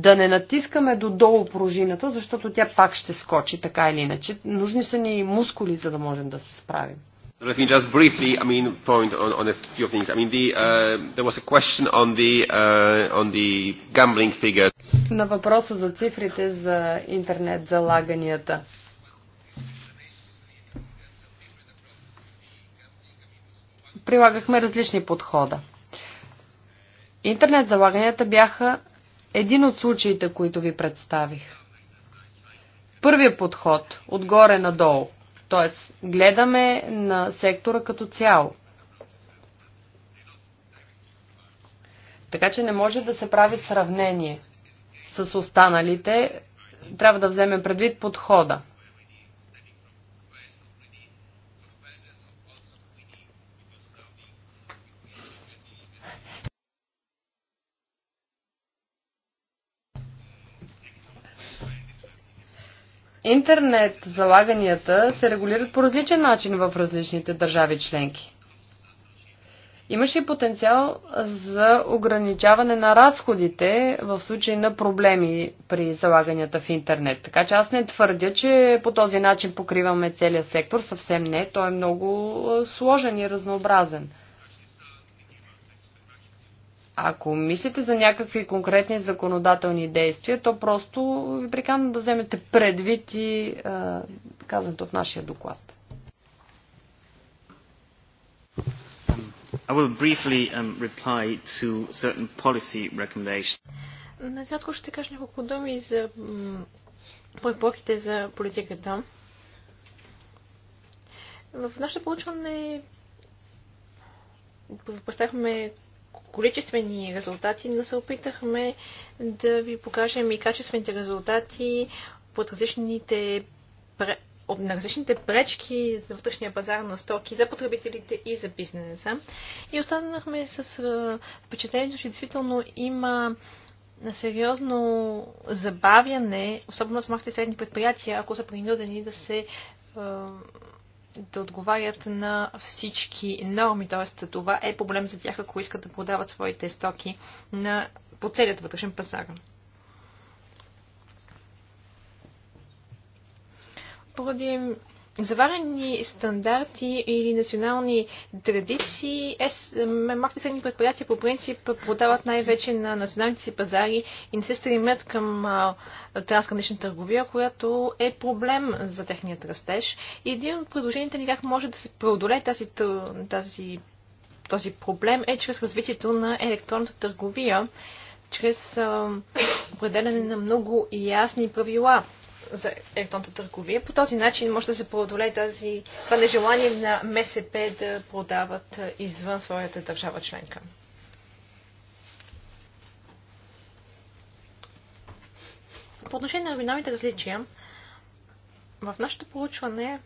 да не натискаме додолу пружината, защото тя пак ще скочи така или иначе. Нужни са ни мускули, за да можем да се справим. Let me just briefly, I mean, point on, on a few things. I mean, the, uh, there was a question on the, uh, on the gambling figure. На въпроса за цифрите за интернет залаганията. Прилагахме различни подхода. Интернет залаганията бяха един от случаите, които ви представих. Първият подход, отгоре надолу – т.е. гледаме на сектора като цяло. Така че не може да се прави сравнение с останалите. Трябва да вземем предвид подхода. интернет залаганията се регулират по различен начин в различните държави членки. Имаше и потенциал за ограничаване на разходите в случай на проблеми при залаганията в интернет. Така че аз не твърдя, че по този начин покриваме целият сектор. Съвсем не. Той е много сложен и разнообразен. Ако мислите за някакви конкретни законодателни действия, то просто ви приканвам да вземете предвид и а, казаното в нашия доклад. Um, I will briefly um, reply to certain policy recommendations. Накратко ще кажа няколко думи за препоръките за политиката. В нашето получване поставихме количествени резултати, но се опитахме да ви покажем и качествените резултати под различните на различните пречки за вътрешния пазар на стоки, за потребителите и за бизнеса. И останахме с впечатлението, че действително има на сериозно забавяне, особено с малките средни предприятия, ако са принудени да се да отговарят на всички норми, т.е. това е проблем за тях, ако искат да продават своите стоки на, по целият вътрешен пазар. Поради заварени стандарти или национални традиции, малките средни предприятия по принцип продават най-вече на националните си пазари и не се стремят към трансгранична търговия, която е проблем за техният растеж. И един от предложенията ни как може да се преодолее тази, тази, този проблем е чрез развитието на електронната търговия, чрез определяне на много ясни правила за електронната търговия. По този начин може да се преодолее тази, това нежелание на МСП да продават извън своята държава членка. По отношение на регионалните различия, в нашето проучване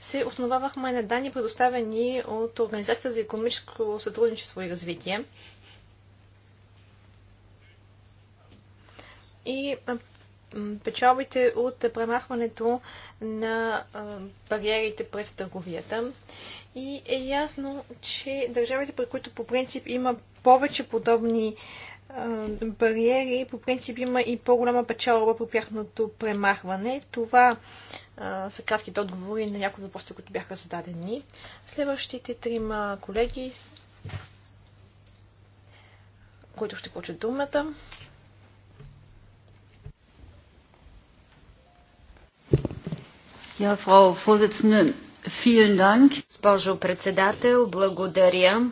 се основавахме на данни, предоставени от Организацията за економическо сътрудничество и развитие. И печалбите от премахването на бариерите пред търговията. И е ясно, че държавите, при които по принцип има повече подобни бариери, по принцип има и по-голяма печалба по тяхното премахване. Това а, са кратките отговори на някои въпроси, които бяха зададени. Следващите трима колеги, които ще получат думата. Госпожо председател, благодаря.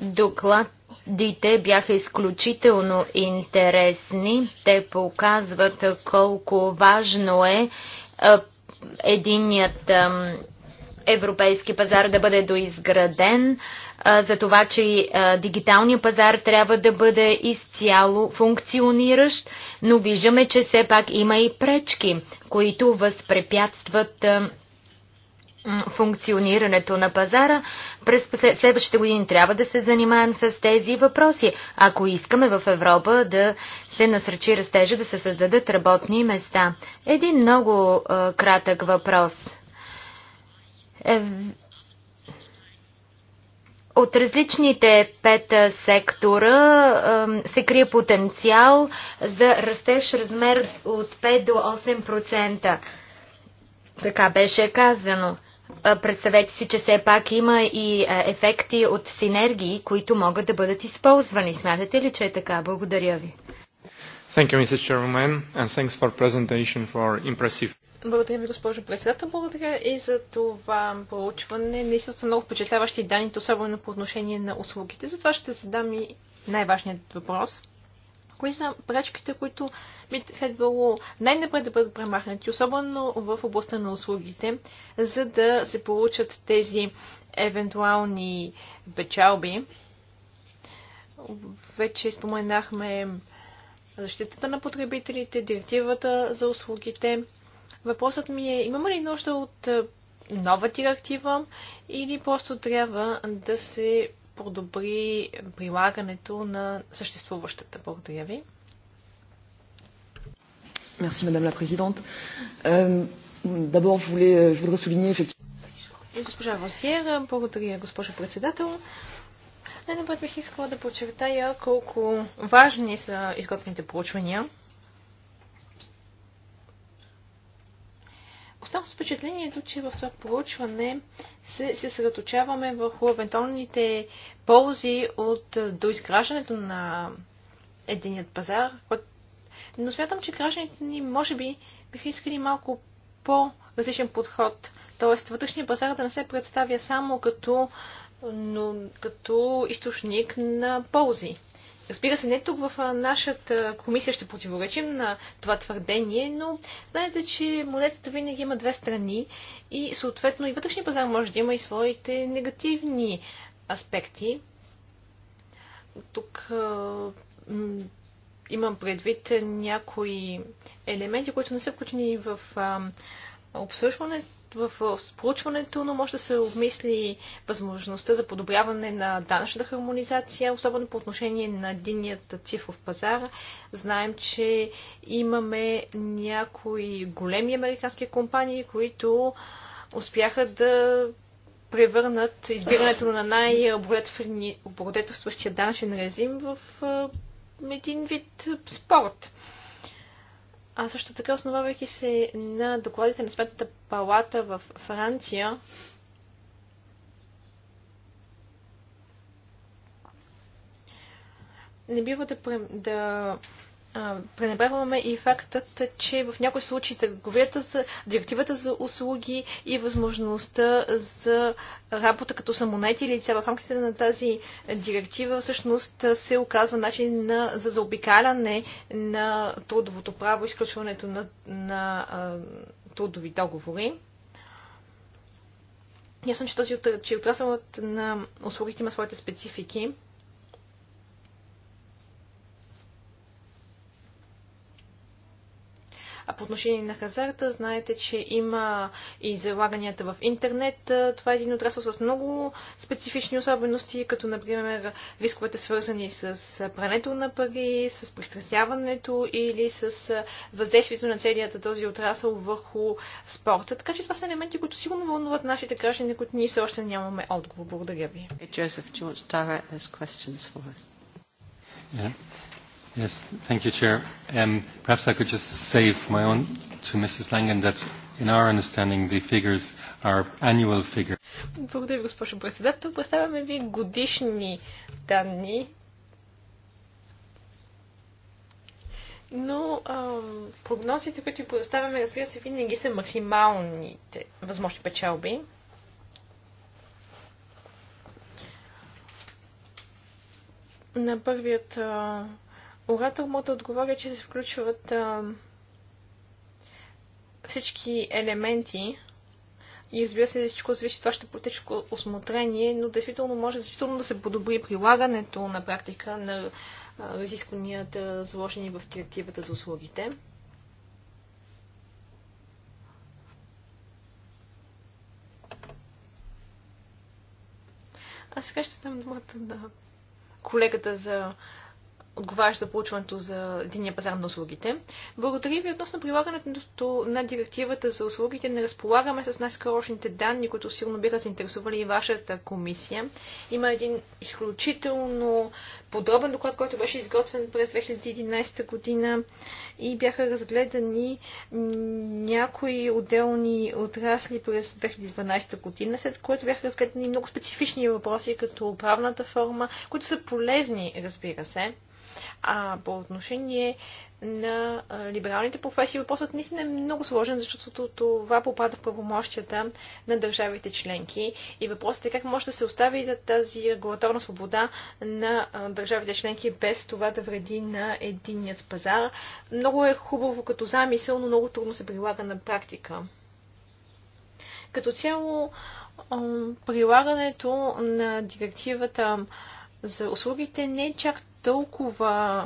Докладите бяха изключително интересни. Те показват колко важно е единият европейски пазар да бъде доизграден, за това, че дигиталният пазар трябва да бъде изцяло функциониращ, но виждаме, че все пак има и пречки, които възпрепятстват функционирането на пазара. През следващите години трябва да се занимаем с тези въпроси, ако искаме в Европа да се насречи растежа, да се създадат работни места. Един много кратък въпрос. Е, от различните пет сектора се крие потенциал за растеж размер от 5 до 8%. Така беше казано. Представете си, че все пак има и ефекти от синергии, които могат да бъдат използвани. Смятате ли, че е така? Благодаря ви. Thank you, Mrs. Chairman, and thanks for presentation for impressive. Благодаря ви, госпожо председател. Благодаря и за това проучване. Наистина са много впечатляващи данните, особено по отношение на услугите. Затова ще задам и най-важният въпрос. Кои са пречките, които би следвало най-напред да бъдат премахнати, особено в областта на услугите, за да се получат тези евентуални печалби? Вече споменахме защитата на потребителите, директивата за услугите. Въпросът ми е, имаме ли нужда от е, нова директива или просто трябва да се подобри прилагането на съществуващата? Благодаря ви. Merci, Madame la Présidente. Euh, D'abord, je, voulais, je voudrais souligner effectivement. Госпожа Росиер, благодаря, госпожо председател. Най-напред бих искала да подчертая колко важни са изготвените проучвания. Оставам с впечатлението, че в това проучване се, се съсредоточаваме върху евентуалните ползи от е, доизграждането на единият пазар, но смятам, че гражданите ни може би биха искали малко по-различен подход. Тоест, вътрешния пазар да не се представя само като, но, като източник на ползи. Разбира се, не тук в нашата комисия ще противоречим на това твърдение, но знаете, че монетата винаги има две страни и съответно и вътрешния пазар може да има и своите негативни аспекти. Тук имам предвид някои елементи, които не са включени в обсъждане в проучването, но може да се обмисли възможността за подобряване на данъчната хармонизация, особено по отношение на единният цифров пазар. Знаем, че имаме някои големи американски компании, които успяха да превърнат избирането на най-облагодетелстващия данъчен режим в един вид спорт. А също така, основавайки се на докладите на Сметната палата в Франция, не бива да, да пренебрегваме и фактът, че в някои случаи търговията за директивата за услуги и възможността за работа като самонети лица в рамките на тази директива всъщност се оказва начин на, за заобикаляне на трудовото право, изключването на, на а, трудови договори. Ясно, че този че отрасълът на услугите има своите специфики. А по отношение на хазарта, знаете, че има и залаганията в интернет. Това е един отрасъл с много специфични особености, като например рисковете свързани с прането на пари, с пристрастяването или с въздействието на целият този отрасъл върху спорта. Така че това са елементи, които сигурно вълнуват нашите граждани, които ние все още нямаме отговор. Благодаря ви. Joseph, do you want to direct those questions for us? Yeah. Yes, thank you, Chair. Um, perhaps I could just say for my own to Mrs. Langen that in our understanding the figures are annual figures. Благодаря, ви, госпожо председател. Представяме ви годишни данни, но ам, прогнозите, които ви предоставяме, разбира се, винаги са максималните възможни печалби. На първият а, Оратор му да отговоря, че се включват а, всички елементи и разбира се, всичко зависи това ще протечко осмотрение, но действително може действително да се подобри прилагането на практика на разискванията, заложени в директивата за услугите. А сега ще дам думата на колегата за Отговаряща за получването за единния пазар на услугите. Благодаря ви относно прилагането на директивата за услугите. Не разполагаме с най-скорошните данни, които силно биха заинтересували и вашата комисия. Има един изключително подобен доклад, който беше изготвен през 2011 година и бяха разгледани някои отделни отрасли през 2012 година, след което бяха разгледани много специфични въпроси, като правната форма, които са полезни, разбира се. А по отношение на либералните професии въпросът наистина е много сложен, защото това попада в правомощията на държавите членки. И въпросът е как може да се остави тази регулаторна свобода на държавите членки без това да вреди на единият пазар. Много е хубаво като замисъл, но много трудно се прилага на практика. Като цяло, прилагането на директивата за услугите не е чак толкова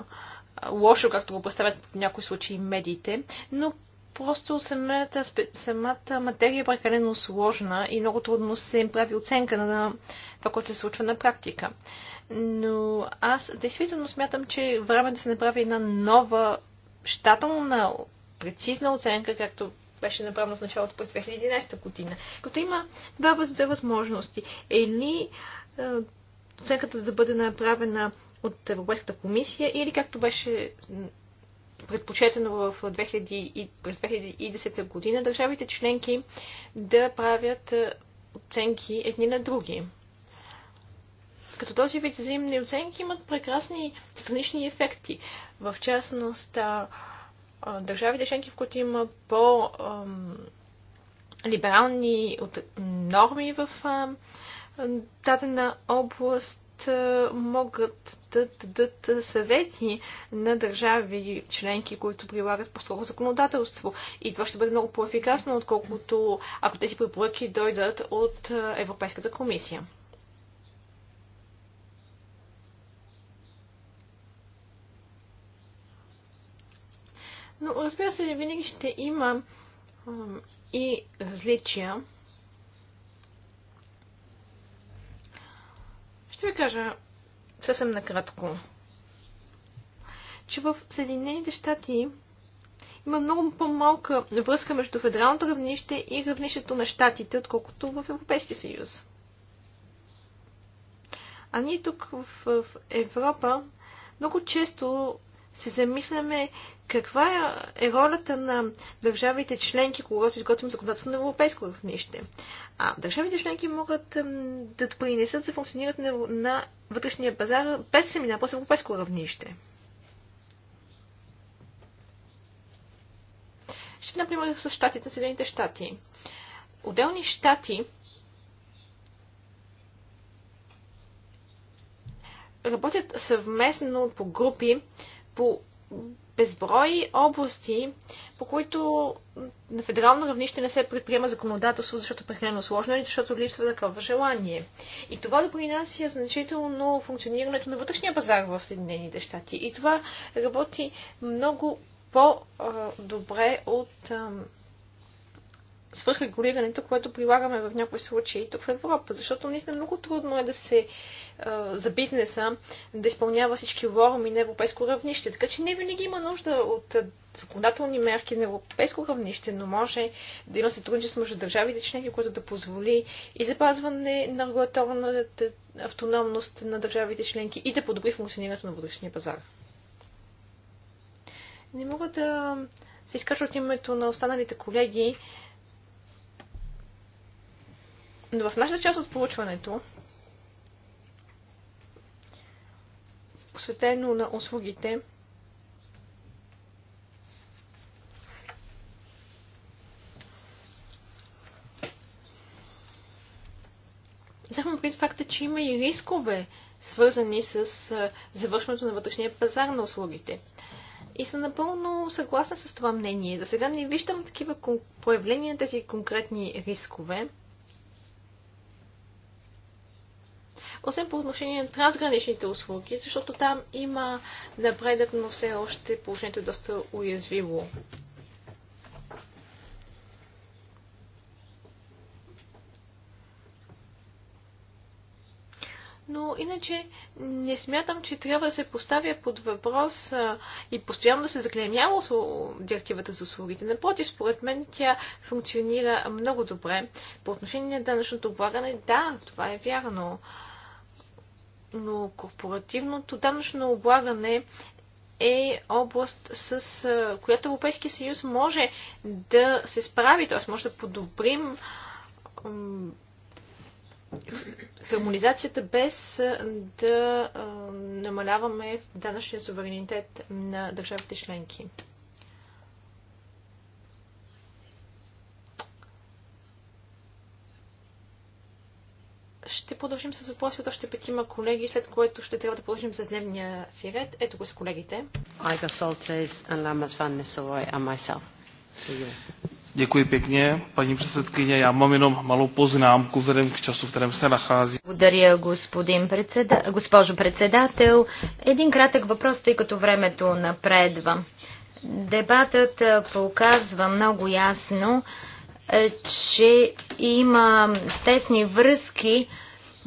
лошо, както го представят в някои случаи медиите, но просто самата, самата материя е прекалено сложна и много трудно се им прави оценка на това, което се случва на практика. Но аз действително смятам, че е време да се направи една нова, щателна, прецизна оценка, както беше направено в началото през 2011 година. Като има два, две възможности. Или оценката да бъде направена от Европейската комисия или както беше предпочетено в 2000, през 2010 година държавите членки да правят е, оценки едни на други. Като този вид взаимни оценки имат прекрасни странични ефекти. В частност, държавите членки, в които има по- либерални норми в дадена област, могат да дадат съвети на държави членки, които прилагат по-строго законодателство. И това ще бъде много по-ефикасно, отколкото ако тези препоръки дойдат от Европейската комисия. Но разбира се, винаги ще има и различия. Ще ви кажа съвсем накратко, че в Съединените щати има много по-малка връзка между федералното равнище и равнището на щатите, отколкото в Европейския съюз. А ние тук в Европа много често се замисляме каква е ролята на държавите членки, когато изготвим законодателство на европейско равнище. А държавите членки могат да принесат за функционирането на вътрешния пазар без семинар по европейско равнище. Ще, например, с щатите на Съединените щати. Отделни щати работят съвместно по групи по безброй области, по които на федерално равнище не се предприема законодателство, защото е прекалено сложно или защото липсва такова желание. И това допринася значително функционирането на вътрешния пазар в Съединените щати. И това работи много по-добре от свърхрегулирането, което прилагаме в някои случаи тук в Европа. Защото наистина много трудно е да се за бизнеса да изпълнява всички лороми на европейско равнище. Така че не винаги има нужда от законодателни мерки на европейско равнище, но може да има сътрудничество между държавите членки, което да позволи и запазване на регулаторната автономност на държавите членки и да подобри функционирането на вътрешния пазар. Не мога да се изкажа от името на останалите колеги, но в нашата част от получването, посветено на услугите, Взехме пред факта, че има и рискове, свързани с завършването на вътрешния пазар на услугите. И съм напълно съгласна с това мнение. За сега не виждам такива проявления на тези конкретни рискове. освен по отношение на трансграничните услуги, защото там има напредък, но все още положението е доста уязвимо. но иначе не смятам, че трябва да се поставя под въпрос а, и постоянно да се заклемява директивата за услугите. Напротив, според мен тя функционира много добре. По отношение на данъчното облагане, да, това е вярно но корпоративното данъчно облагане е област, с която Европейския съюз може да се справи, т.е. може да подобрим хармонизацията без да намаляваме данъчния суверенитет на държавите членки. ще продължим с въпроси от още петима колеги, след което ще трябва да продължим с дневния си ред. Ето го с колегите. Айга Солтес, Ламас Ван Несалой, а myself. Děkuji pěkně, paní předsedkyně. Já mám jenom malou poznámku vzhledem k času, v kterém se nachází. Благодаря, господин председа... госпожо председател. Един кратък въпрос, тъй като времето напредва. Дебатът показва много ясно, е, че има тесни връзки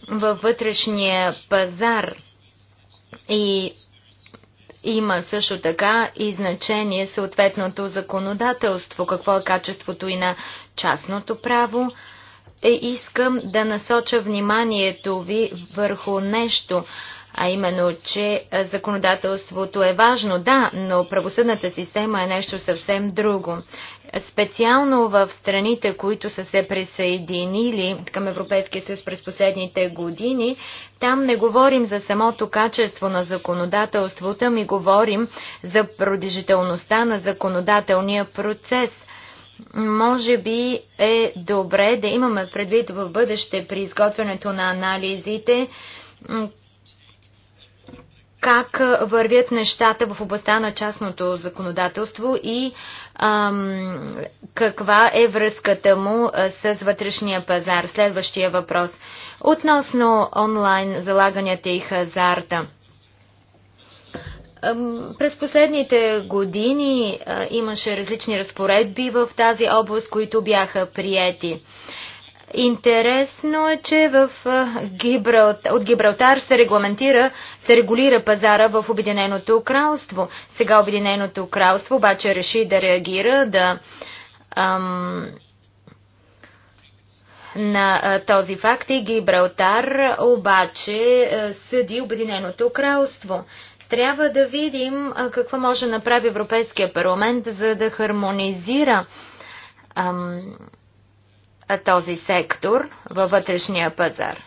във вътрешния пазар и има също така и значение съответното законодателство, какво е качеството и на частното право. Е, искам да насоча вниманието ви върху нещо а именно, че законодателството е важно, да, но правосъдната система е нещо съвсем друго. Специално в страните, които са се присъединили към Европейския съюз през последните години, там не говорим за самото качество на законодателството, ми говорим за продължителността на законодателния процес – може би е добре да имаме предвид в бъдеще при изготвянето на анализите как вървят нещата в областта на частното законодателство и ам, каква е връзката му с вътрешния пазар. Следващия въпрос. Относно онлайн залаганията и хазарта. През последните години имаше различни разпоредби в тази област, които бяха приети. Интересно е, че в Гибралтар, от Гибралтар се регламентира, се регулира пазара в Обединеното кралство. Сега Обединеното кралство обаче реши да реагира, да ам, на този факт и Гибралтар обаче съди Обединеното кралство. Трябва да видим какво може да направи Европейския парламент, за да хармонизира ам, този сектор във вътрешния пазар.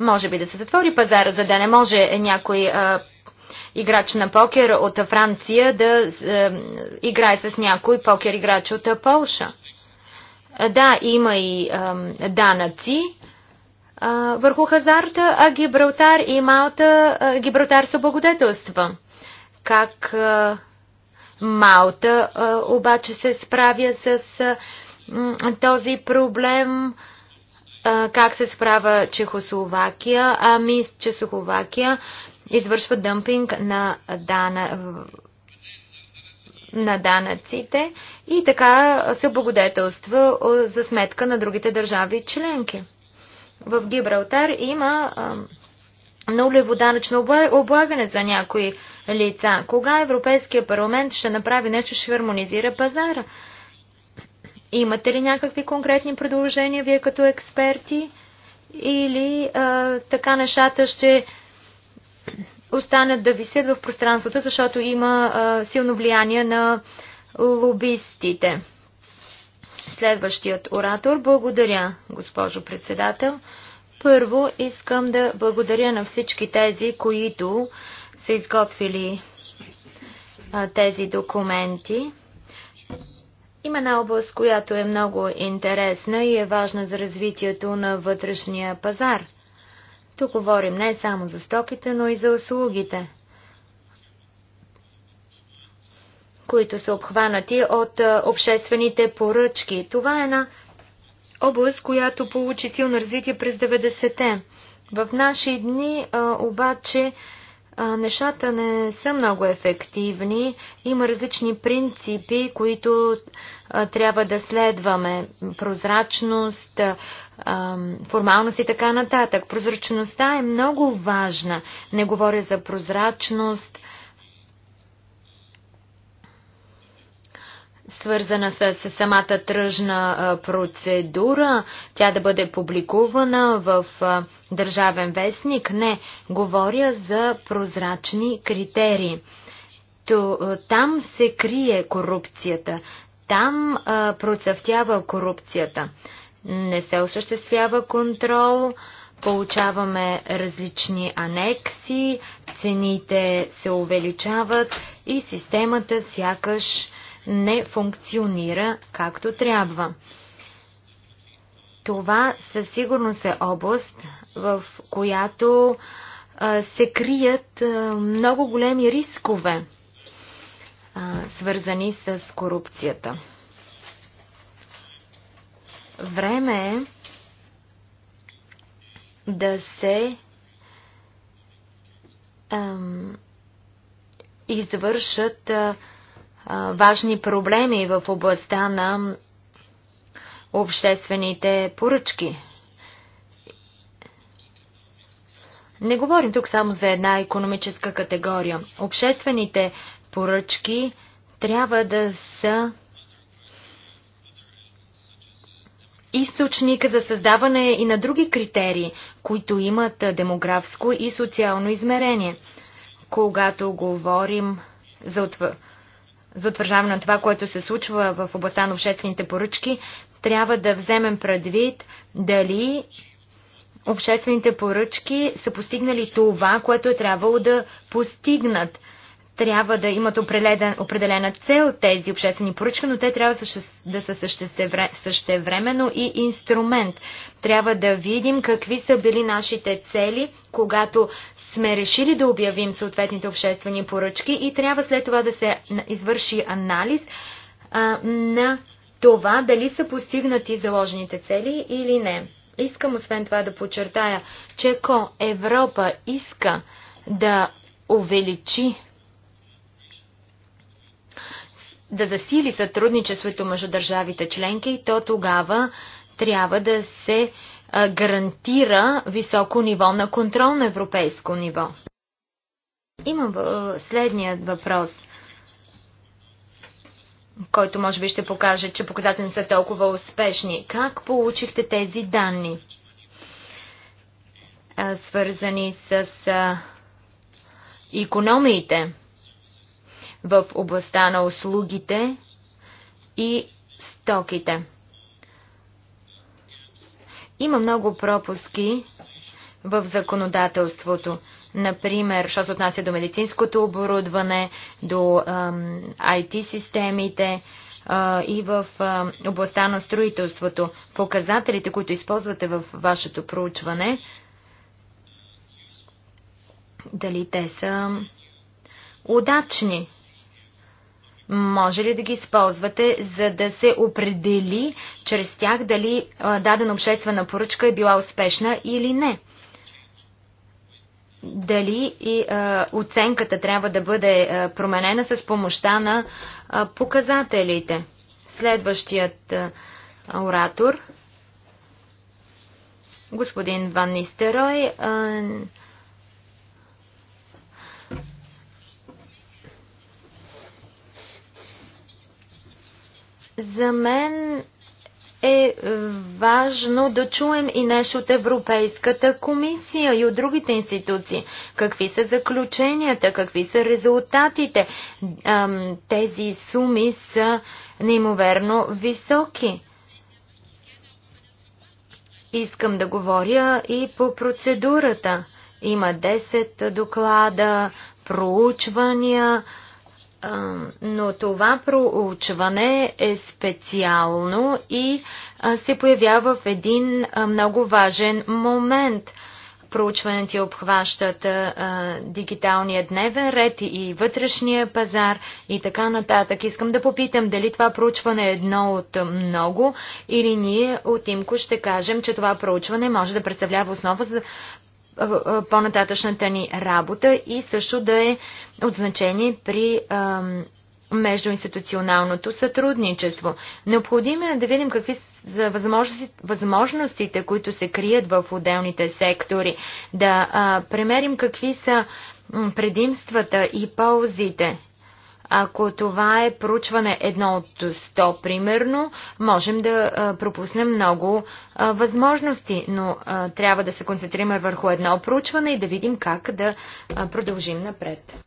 Може би да се затвори пазара, за да не може някой а, играч на покер от Франция да а, играе с някой покер играч от Полша. Да, има и а, данъци а, върху хазарта, а Гибралтар и Малта, а, Гибралтар са благодетелства. Как а, Малта обаче се справя с този проблем. Как се справя Чехословакия? Ами Чехословакия извършва дъмпинг на, дана, на данъците и така се благодетелства за сметка на другите държави членки. В Гибралтар има нулево данъчно облагане за някои лица. Кога Европейския парламент ще направи нещо, ще хармонизира пазара? Имате ли някакви конкретни предложения вие като експерти? Или а, така нещата ще останат да висят в пространството, защото има а, силно влияние на лобистите? Следващият оратор. Благодаря, госпожо председател. Първо искам да благодаря на всички тези, които са изготвили а, тези документи. Има една област, която е много интересна и е важна за развитието на вътрешния пазар. Тук говорим не само за стоките, но и за услугите, които са обхванати от обществените поръчки. Това е една област, която получи силно развитие през 90-те. В наши дни обаче нещата не са много ефективни. Има различни принципи, които трябва да следваме. Прозрачност, формалност и така нататък. Прозрачността е много важна. Не говоря за прозрачност свързана с самата тръжна процедура, тя да бъде публикувана в Държавен вестник. Не, говоря за прозрачни критерии. То, там се крие корупцията, там а, процъфтява корупцията. Не се осъществява контрол, получаваме различни анекси, цените се увеличават и системата сякаш не функционира както трябва. Това със сигурност е област, в която се крият много големи рискове, свързани с корупцията. Време е да се ам, извършат а, важни проблеми в областта на обществените поръчки. Не говорим тук само за една економическа категория. Обществените поръчки трябва да са източник за създаване и на други критерии, които имат демографско и социално измерение. Когато говорим за отвърване, затвържаване на това, което се случва в областта на обществените поръчки, трябва да вземем предвид дали обществените поръчки са постигнали това, което е трябвало да постигнат – трябва да имат определена цел тези обществени поръчки, но те трябва да са същевременно и инструмент. Трябва да видим какви са били нашите цели, когато сме решили да обявим съответните обществени поръчки и трябва след това да се извърши анализ а, на това дали са постигнати заложените цели или не. Искам освен това да подчертая, че ако Европа иска да увеличи да засили сътрудничеството между държавите членки, то тогава трябва да се гарантира високо ниво на контрол на европейско ниво. Имам следният въпрос, който може би ще покаже, че показателите са толкова успешни. Как получихте тези данни, свързани с економиите? в областта на услугите и стоките. Има много пропуски в законодателството. Например, що се отнася до медицинското оборудване, до ам, IT-системите а, и в а, областта на строителството. Показателите, които използвате в вашето проучване, дали те са удачни? Може ли да ги използвате, за да се определи чрез тях дали дадена обществена поръчка е била успешна или не? Дали и а, оценката трябва да бъде а, променена с помощта на а, показателите? Следващият а, оратор, господин Ван Нистерой, а, За мен е важно да чуем и нещо от Европейската комисия и от другите институции. Какви са заключенията, какви са резултатите? Тези суми са неимоверно високи. Искам да говоря и по процедурата. Има 10 доклада, проучвания, но това проучване е специално и се появява в един много важен момент. Проучването обхващат дигиталния дневен ред и вътрешния пазар и така нататък. Искам да попитам дали това проучване е едно от много или ние от Имко ще кажем, че това проучване може да представлява основа за по-нататъчната ни работа и също да е от значение при междуинституционалното сътрудничество. Необходимо е да видим какви са възможностите, които се крият в отделните сектори, да премерим какви са предимствата и ползите. Ако това е проучване едно от 100, примерно, можем да пропуснем много възможности, но трябва да се концентрираме върху едно проучване и да видим как да продължим напред.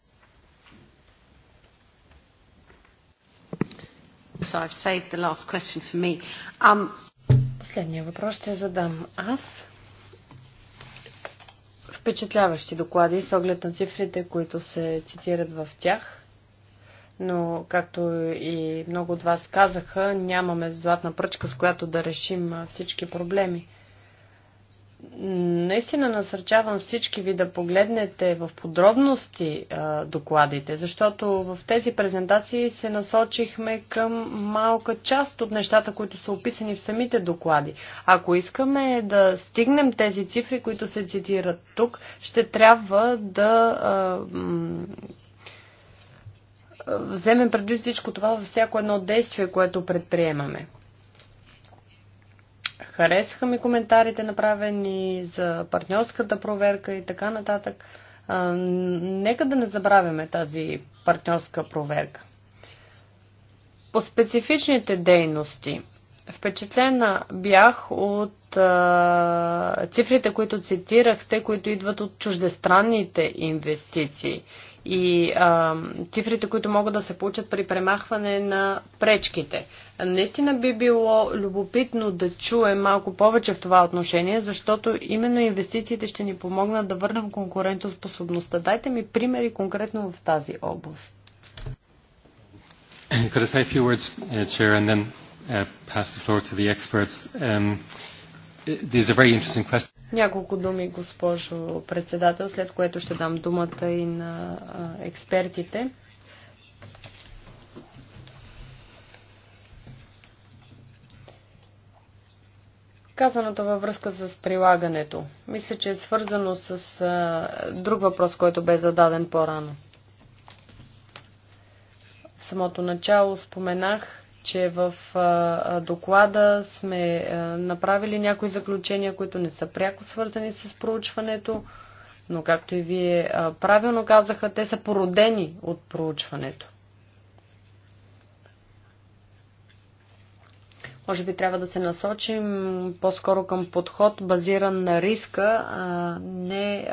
So I've saved the last question for me. Um... Последния въпрос ще задам аз. Впечатляващи доклади с оглед на цифрите, които се цитират в тях но както и много от вас казаха, нямаме златна пръчка, с която да решим всички проблеми. Наистина насърчавам всички ви да погледнете в подробности а, докладите, защото в тези презентации се насочихме към малка част от нещата, които са описани в самите доклади. Ако искаме да стигнем тези цифри, които се цитират тук, ще трябва да а, вземем предвид всичко това във всяко едно действие, което предприемаме. Харесаха ми коментарите направени за партньорската проверка и така нататък. нека да не забравяме тази партньорска проверка. По специфичните дейности. Впечатлена бях от а, цифрите, които цитирахте, които идват от чуждестранните инвестиции и а, цифрите, които могат да се получат при премахване на пречките. Наистина би било любопитно да чуем малко повече в това отношение, защото именно инвестициите ще ни помогнат да върнем конкурентоспособността. Дайте ми примери конкретно в тази област. Could I say a few words, uh, Chair, and then uh, pass the floor to the experts? Um, няколко думи, госпожо председател, след което ще дам думата и на експертите. Казаното във връзка с прилагането. Мисля, че е свързано с друг въпрос, който бе зададен по-рано. В самото начало споменах, че в доклада сме направили някои заключения, които не са пряко свързани с проучването, но както и вие правилно казаха, те са породени от проучването. Може би трябва да се насочим по-скоро към подход базиран на риска, а не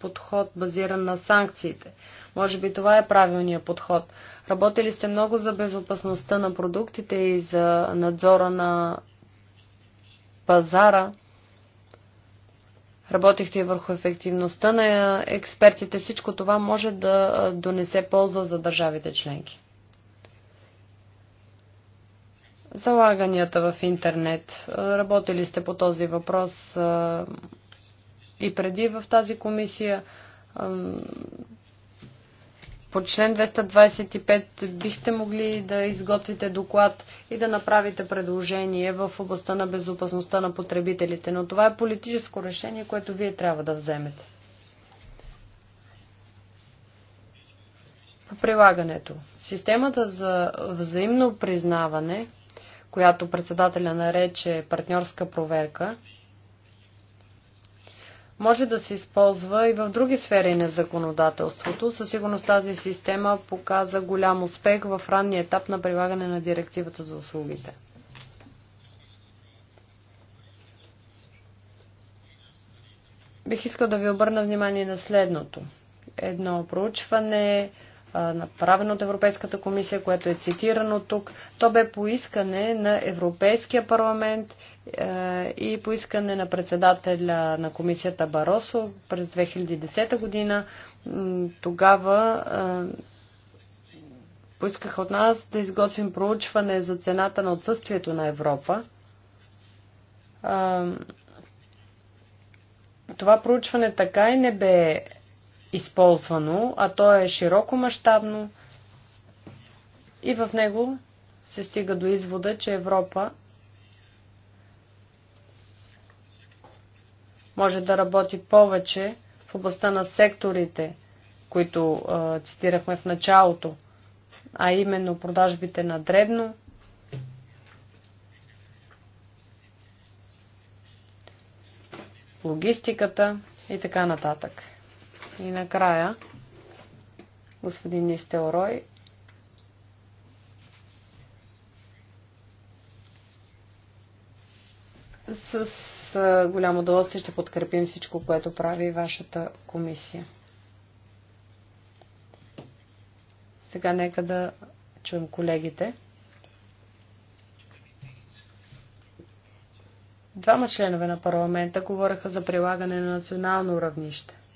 подход базиран на санкциите. Може би това е правилният подход. Работили сте много за безопасността на продуктите и за надзора на пазара. Работихте и върху ефективността на експертите. Всичко това може да донесе полза за държавите членки. Залаганията в интернет. Работили сте по този въпрос и преди в тази комисия. По член 225 бихте могли да изготвите доклад и да направите предложение в областта на безопасността на потребителите, но това е политическо решение, което вие трябва да вземете. По прилагането. Системата за взаимно признаване, която председателя нарече партньорска проверка, може да се използва и в други сфери на законодателството. Със сигурност тази система показа голям успех в ранния етап на прилагане на директивата за услугите. Бих искал да ви обърна внимание на следното. Едно проучване, направено от Европейската комисия, което е цитирано тук. То бе поискане на Европейския парламент и поискане на председателя на комисията Баросо през 2010 година. Тогава поискаха от нас да изготвим проучване за цената на отсъствието на Европа. Това проучване така и не бе използвано, а то е широко мащабно и в него се стига до извода, че Европа може да работи повече в областта на секторите, които е, цитирахме в началото, а именно продажбите на дребно, логистиката и така нататък. И накрая, господин Нистелрой, с голямо удоволствие ще подкрепим всичко, което прави вашата комисия. Сега нека да чуем колегите. Двама членове на парламента говореха за прилагане на национално равнище –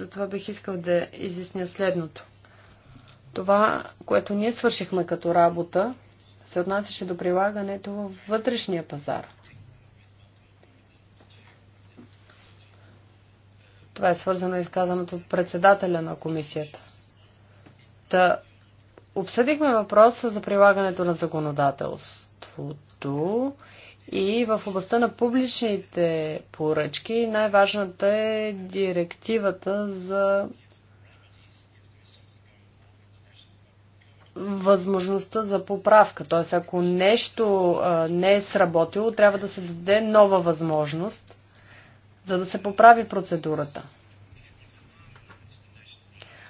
затова бих искал да изясня следното. Това, което ние свършихме като работа, се отнасяше до прилагането във вътрешния пазар. Това е свързано и с казаното от председателя на комисията. Та обсъдихме въпроса за прилагането на законодателството и в областта на публичните поръчки най-важната е директивата за възможността за поправка. Т.е. ако нещо не е сработило, трябва да се даде нова възможност, за да се поправи процедурата.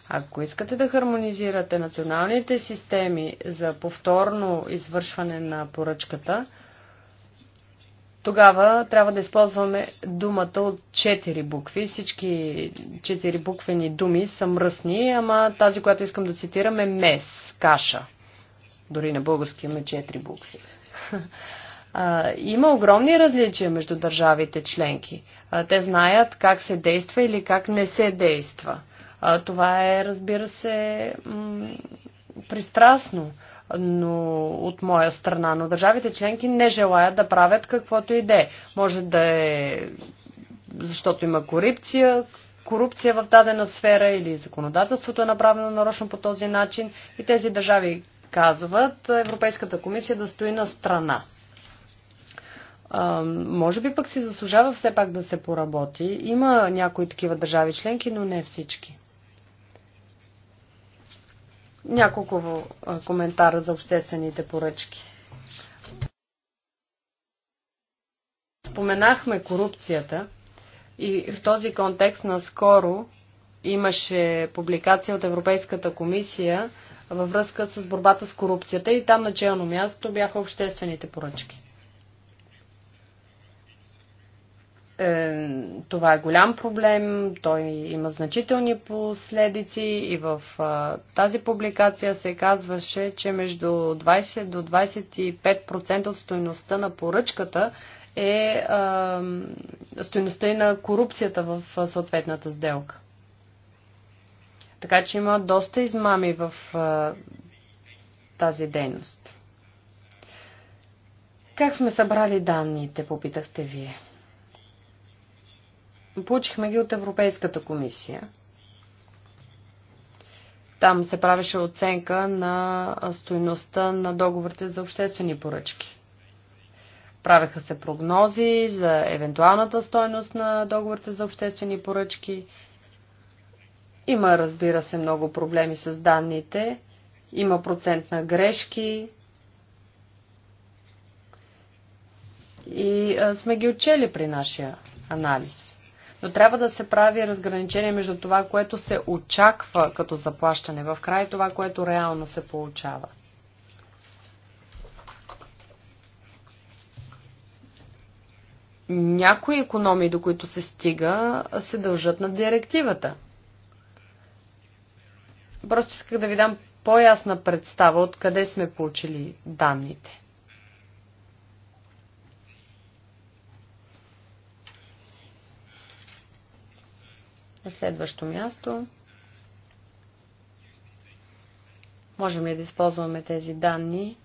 Ако искате да хармонизирате националните системи за повторно извършване на поръчката, тогава трябва да използваме думата от четири букви. Всички четири буквени думи са мръсни, ама тази, която искам да цитирам е мес, каша. Дори на български имаме четири букви. А, има огромни различия между държавите членки. А, те знаят как се действа или как не се действа. А, това е, разбира се, пристрастно но от моя страна. Но държавите членки не желаят да правят каквото и да е. Може да е защото има корупция, корупция в дадена сфера или законодателството е направено нарочно по този начин и тези държави казват Европейската комисия да стои на страна. А, може би пък си заслужава все пак да се поработи. Има някои такива държави членки, но не всички. Няколко коментара за обществените поръчки. Споменахме корупцията и в този контекст наскоро имаше публикация от Европейската комисия във връзка с борбата с корупцията и там начално място бяха обществените поръчки. Е, това е голям проблем, той има значителни последици и в тази публикация се казваше, че между 20 до 25% от стоеността на поръчката е стоеността и на корупцията в съответната сделка. Така че има доста измами в тази дейност. Как сме събрали данните, попитахте вие. Получихме ги от Европейската комисия. Там се правеше оценка на стоеността на договорите за обществени поръчки. Правеха се прогнози за евентуалната стойност на договорите за обществени поръчки. Има, разбира се, много проблеми с данните. Има процент на грешки. И сме ги отчели при нашия анализ. Но трябва да се прави разграничение между това, което се очаква като заплащане в край и това, което реално се получава. Някои економии, до които се стига, се дължат на директивата. Просто исках да ви дам по-ясна представа откъде сме получили данните. На следващо място, можем ли да използваме тези данни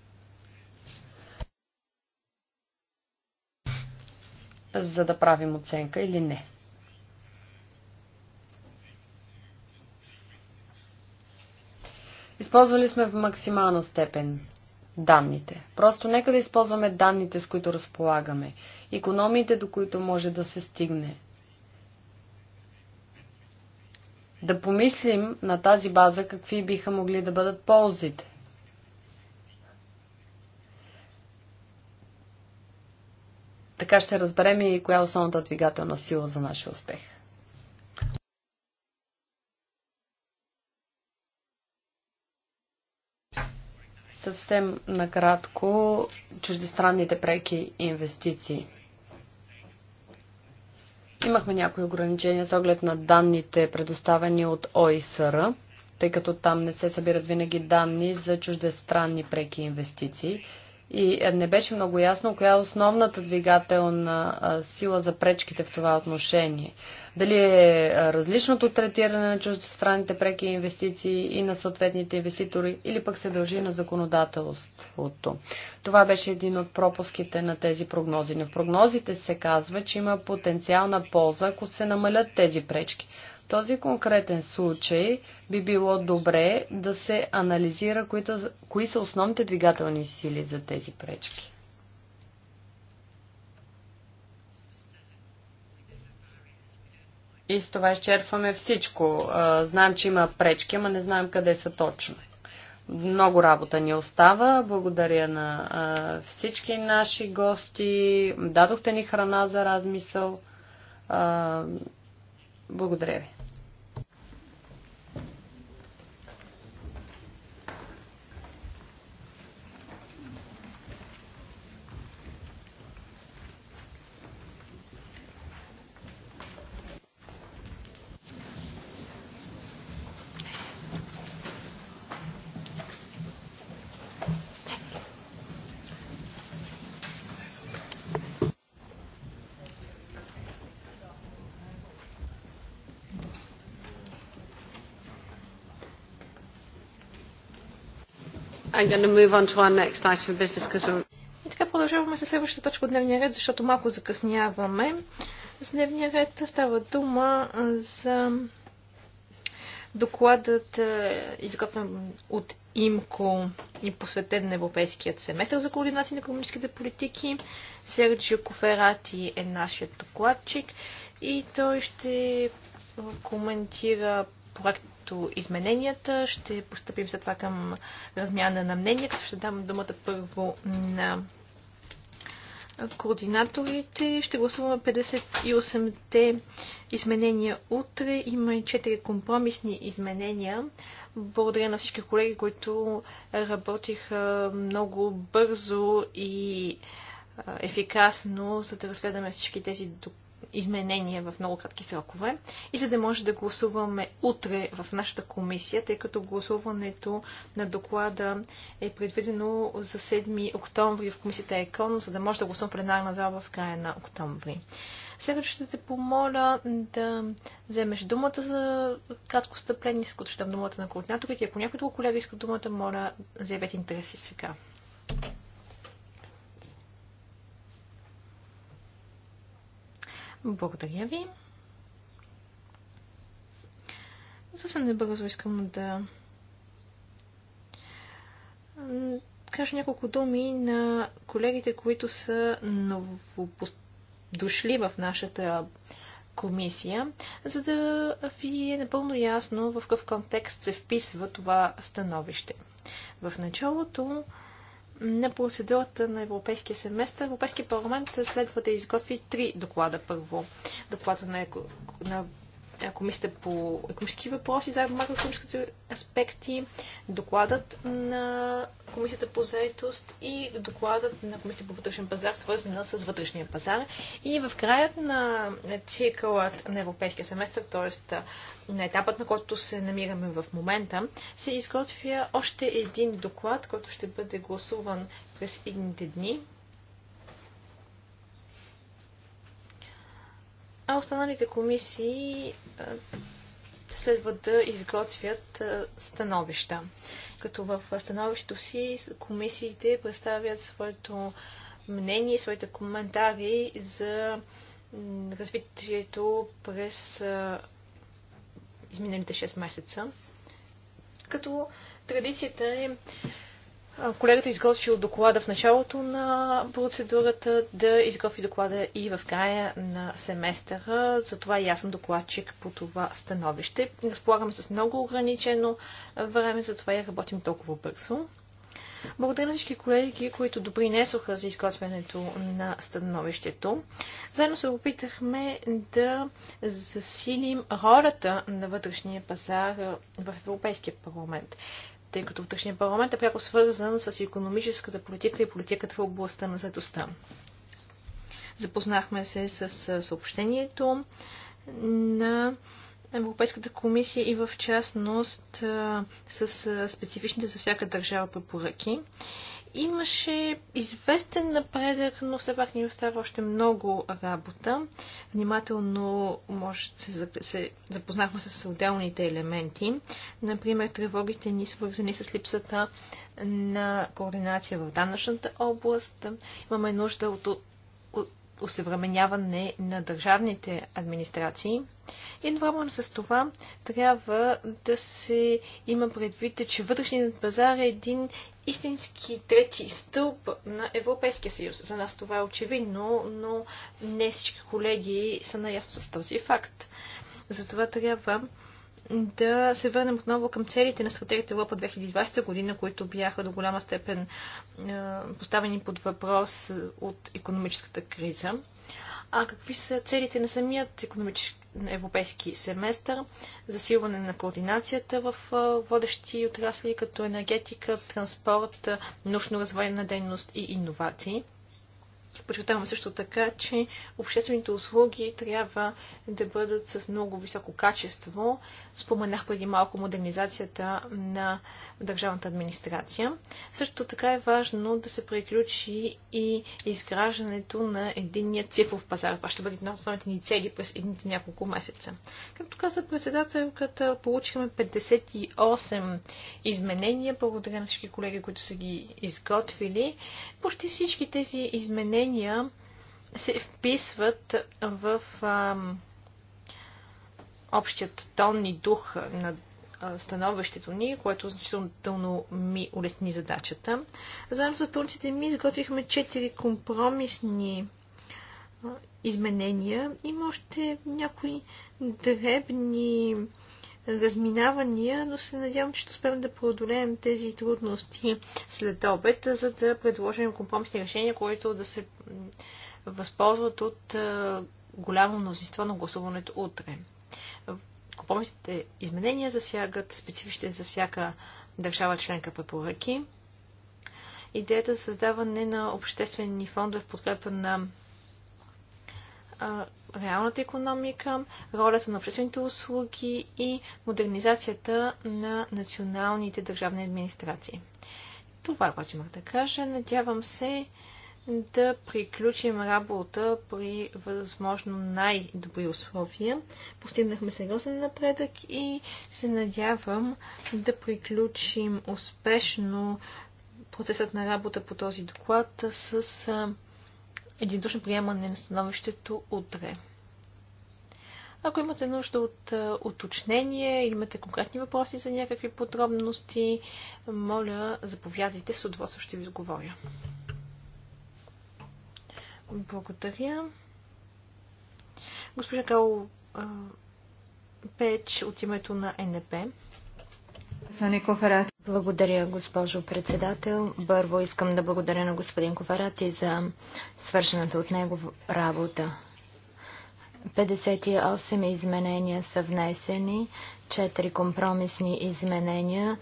за да правим оценка или не? Използвали сме в максимална степен данните. Просто нека да използваме данните, с които разполагаме, економиите, до които може да се стигне – да помислим на тази база какви биха могли да бъдат ползите. Така ще разберем и коя е основната двигателна сила за нашия успех. Съвсем накратко, чуждестранните преки инвестиции – Имахме някои ограничения с оглед на данните, предоставени от ОИСР, тъй като там не се събират винаги данни за чуждестранни преки инвестиции и е, не беше много ясно коя е основната двигателна сила за пречките в това отношение. Дали е, е различното третиране на чуждестранните преки инвестиции и на съответните инвеститори, или пък се дължи на законодателството. Това беше един от пропуските на тези прогнози. Но в прогнозите се казва, че има потенциална полза, ако се намалят тези пречки този конкретен случай би било добре да се анализира които, кои са основните двигателни сили за тези пречки. И с това изчерпваме всичко. Знаем, че има пречки, ама не знаем къде са точно. Много работа ни остава. Благодаря на всички наши гости. Дадохте ни храна за размисъл. Благодаря ви. I'm going to move on to our next item of business because we're... И така продължаваме с следващата точка от дневния ред, защото малко закъсняваме. С дневния ред става дума за докладът, изготвен от ИМКО и посветен на Европейският семестър за координация на економическите политики. Серджио Коферати е нашият докладчик и той ще коментира проекто измененията. Ще поступим след това към размяна на мнения, като ще дам думата първо на координаторите. Ще гласуваме 58-те изменения утре. Има и 4 компромисни изменения. Благодаря на всички колеги, които работиха много бързо и ефикасно, за да разгледаме всички тези документи изменения в много кратки срокове и за да може да гласуваме утре в нашата комисия, тъй като гласуването на доклада е предвидено за 7 октомври в комисията ЕКОН, за да може да гласувам пленарна зала в края на октомври. Сега ще те помоля да вземеш думата за кратко стъпление, с което ще дам думата на координаторите. Ако някой друг колега иска думата, моля, заявете интереси сега. Благодаря ви. съм небързо искам да кажа няколко думи на колегите, които са новопост... дошли в нашата комисия, за да ви е напълно ясно в какъв контекст се вписва това становище. В началото на процедурата на Европейския семестър, Европейския парламент следва да изготви три доклада първо. Доклада на, на комисията по економически въпроси, заедно макроекономическите аспекти, докладът на комисията по заетост и докладът на комисията по вътрешен пазар, свързана с вътрешния пазар. И в краят на цикълът на европейския семестър, т.е. на етапът, на който се намираме в момента, се изготвя още един доклад, който ще бъде гласуван през едните дни а останалите комисии следва да изготвят становища. Като в становището си комисиите представят своето мнение, своите коментари за развитието през изминалите 6 месеца. Като традицията е колегата изготвил доклада в началото на процедурата, да изготви доклада и в края на семестъра. Затова и аз съм докладчик по това становище. Разполагаме с много ограничено време, затова и работим толкова бързо. Благодаря на всички колеги, които допринесоха за изготвянето на становището. Заедно се опитахме да засилим ролята на вътрешния пазар в Европейския парламент тъй като вътрешния парламент е пряко свързан с економическата политика и политиката в областта на заедостта. Запознахме се с съобщението на Европейската комисия и в частност с специфичните за всяка държава препоръки. Имаше известен напредък, но все пак ни остава още много работа. Внимателно може, се, се запознахме с отделните елементи. Например, тревогите ни свързани с липсата на координация в данъчната област. Имаме нужда от, от усъвременяване на държавните администрации. И едновременно с това трябва да се има предвид, че вътрешният пазар е един истински трети стълб на Европейския съюз. За нас това е очевидно, но не всички колеги са наясно с този факт. Затова трябва да се върнем отново към целите на стратегията Европа 2020 година, които бяха до голяма степен е, поставени под въпрос от економическата криза. А какви са целите на самият економически европейски семестър, засилване на координацията в е, водещи отрасли като енергетика, транспорт, е, научно развойна дейност и иновации. Подчертавам също така, че обществените услуги трябва да бъдат с много високо качество. Споменах преди малко модернизацията на държавната администрация. Също така е важно да се приключи и изграждането на единния цифров пазар. Това ще бъде една от основните ни цели през едните няколко месеца. Както каза председателката, получихме 58 изменения, благодаря на всички колеги, които са ги изготвили. Почти всички тези изменения решения се вписват в а, общият тон и дух на становището ни, което значително ми улесни задачата. Заедно с трудниците ми изготвихме 4 компромисни изменения. Има още някои дребни разминавания, но се надявам, че успеем да преодолеем тези трудности след обед, за да предложим компромисни решения, които да се възползват от голямо мнозинство на гласуването утре. Компромисните изменения засягат специфичните за всяка държава членка препоръки. Идеята за създаване на обществени фондове в подкрепа на реалната економика, ролята на обществените услуги и модернизацията на националните държавни администрации. Това е което имах да кажа. Надявам се да приключим работа при възможно най-добри условия. Постигнахме сериозен напредък и се надявам да приключим успешно процесът на работа по този доклад с единодушно приемане на становището утре. Ако имате нужда от е, уточнение или имате конкретни въпроси за някакви подробности, моля, заповядайте, с удоволствие ще ви отговоря. Благодаря. Госпожа Као е, Печ от името на НП. Благодаря, госпожо председател. Първо искам да благодаря на господин Кофарати за свършената от него работа. 58 изменения са внесени, 4 компромисни изменения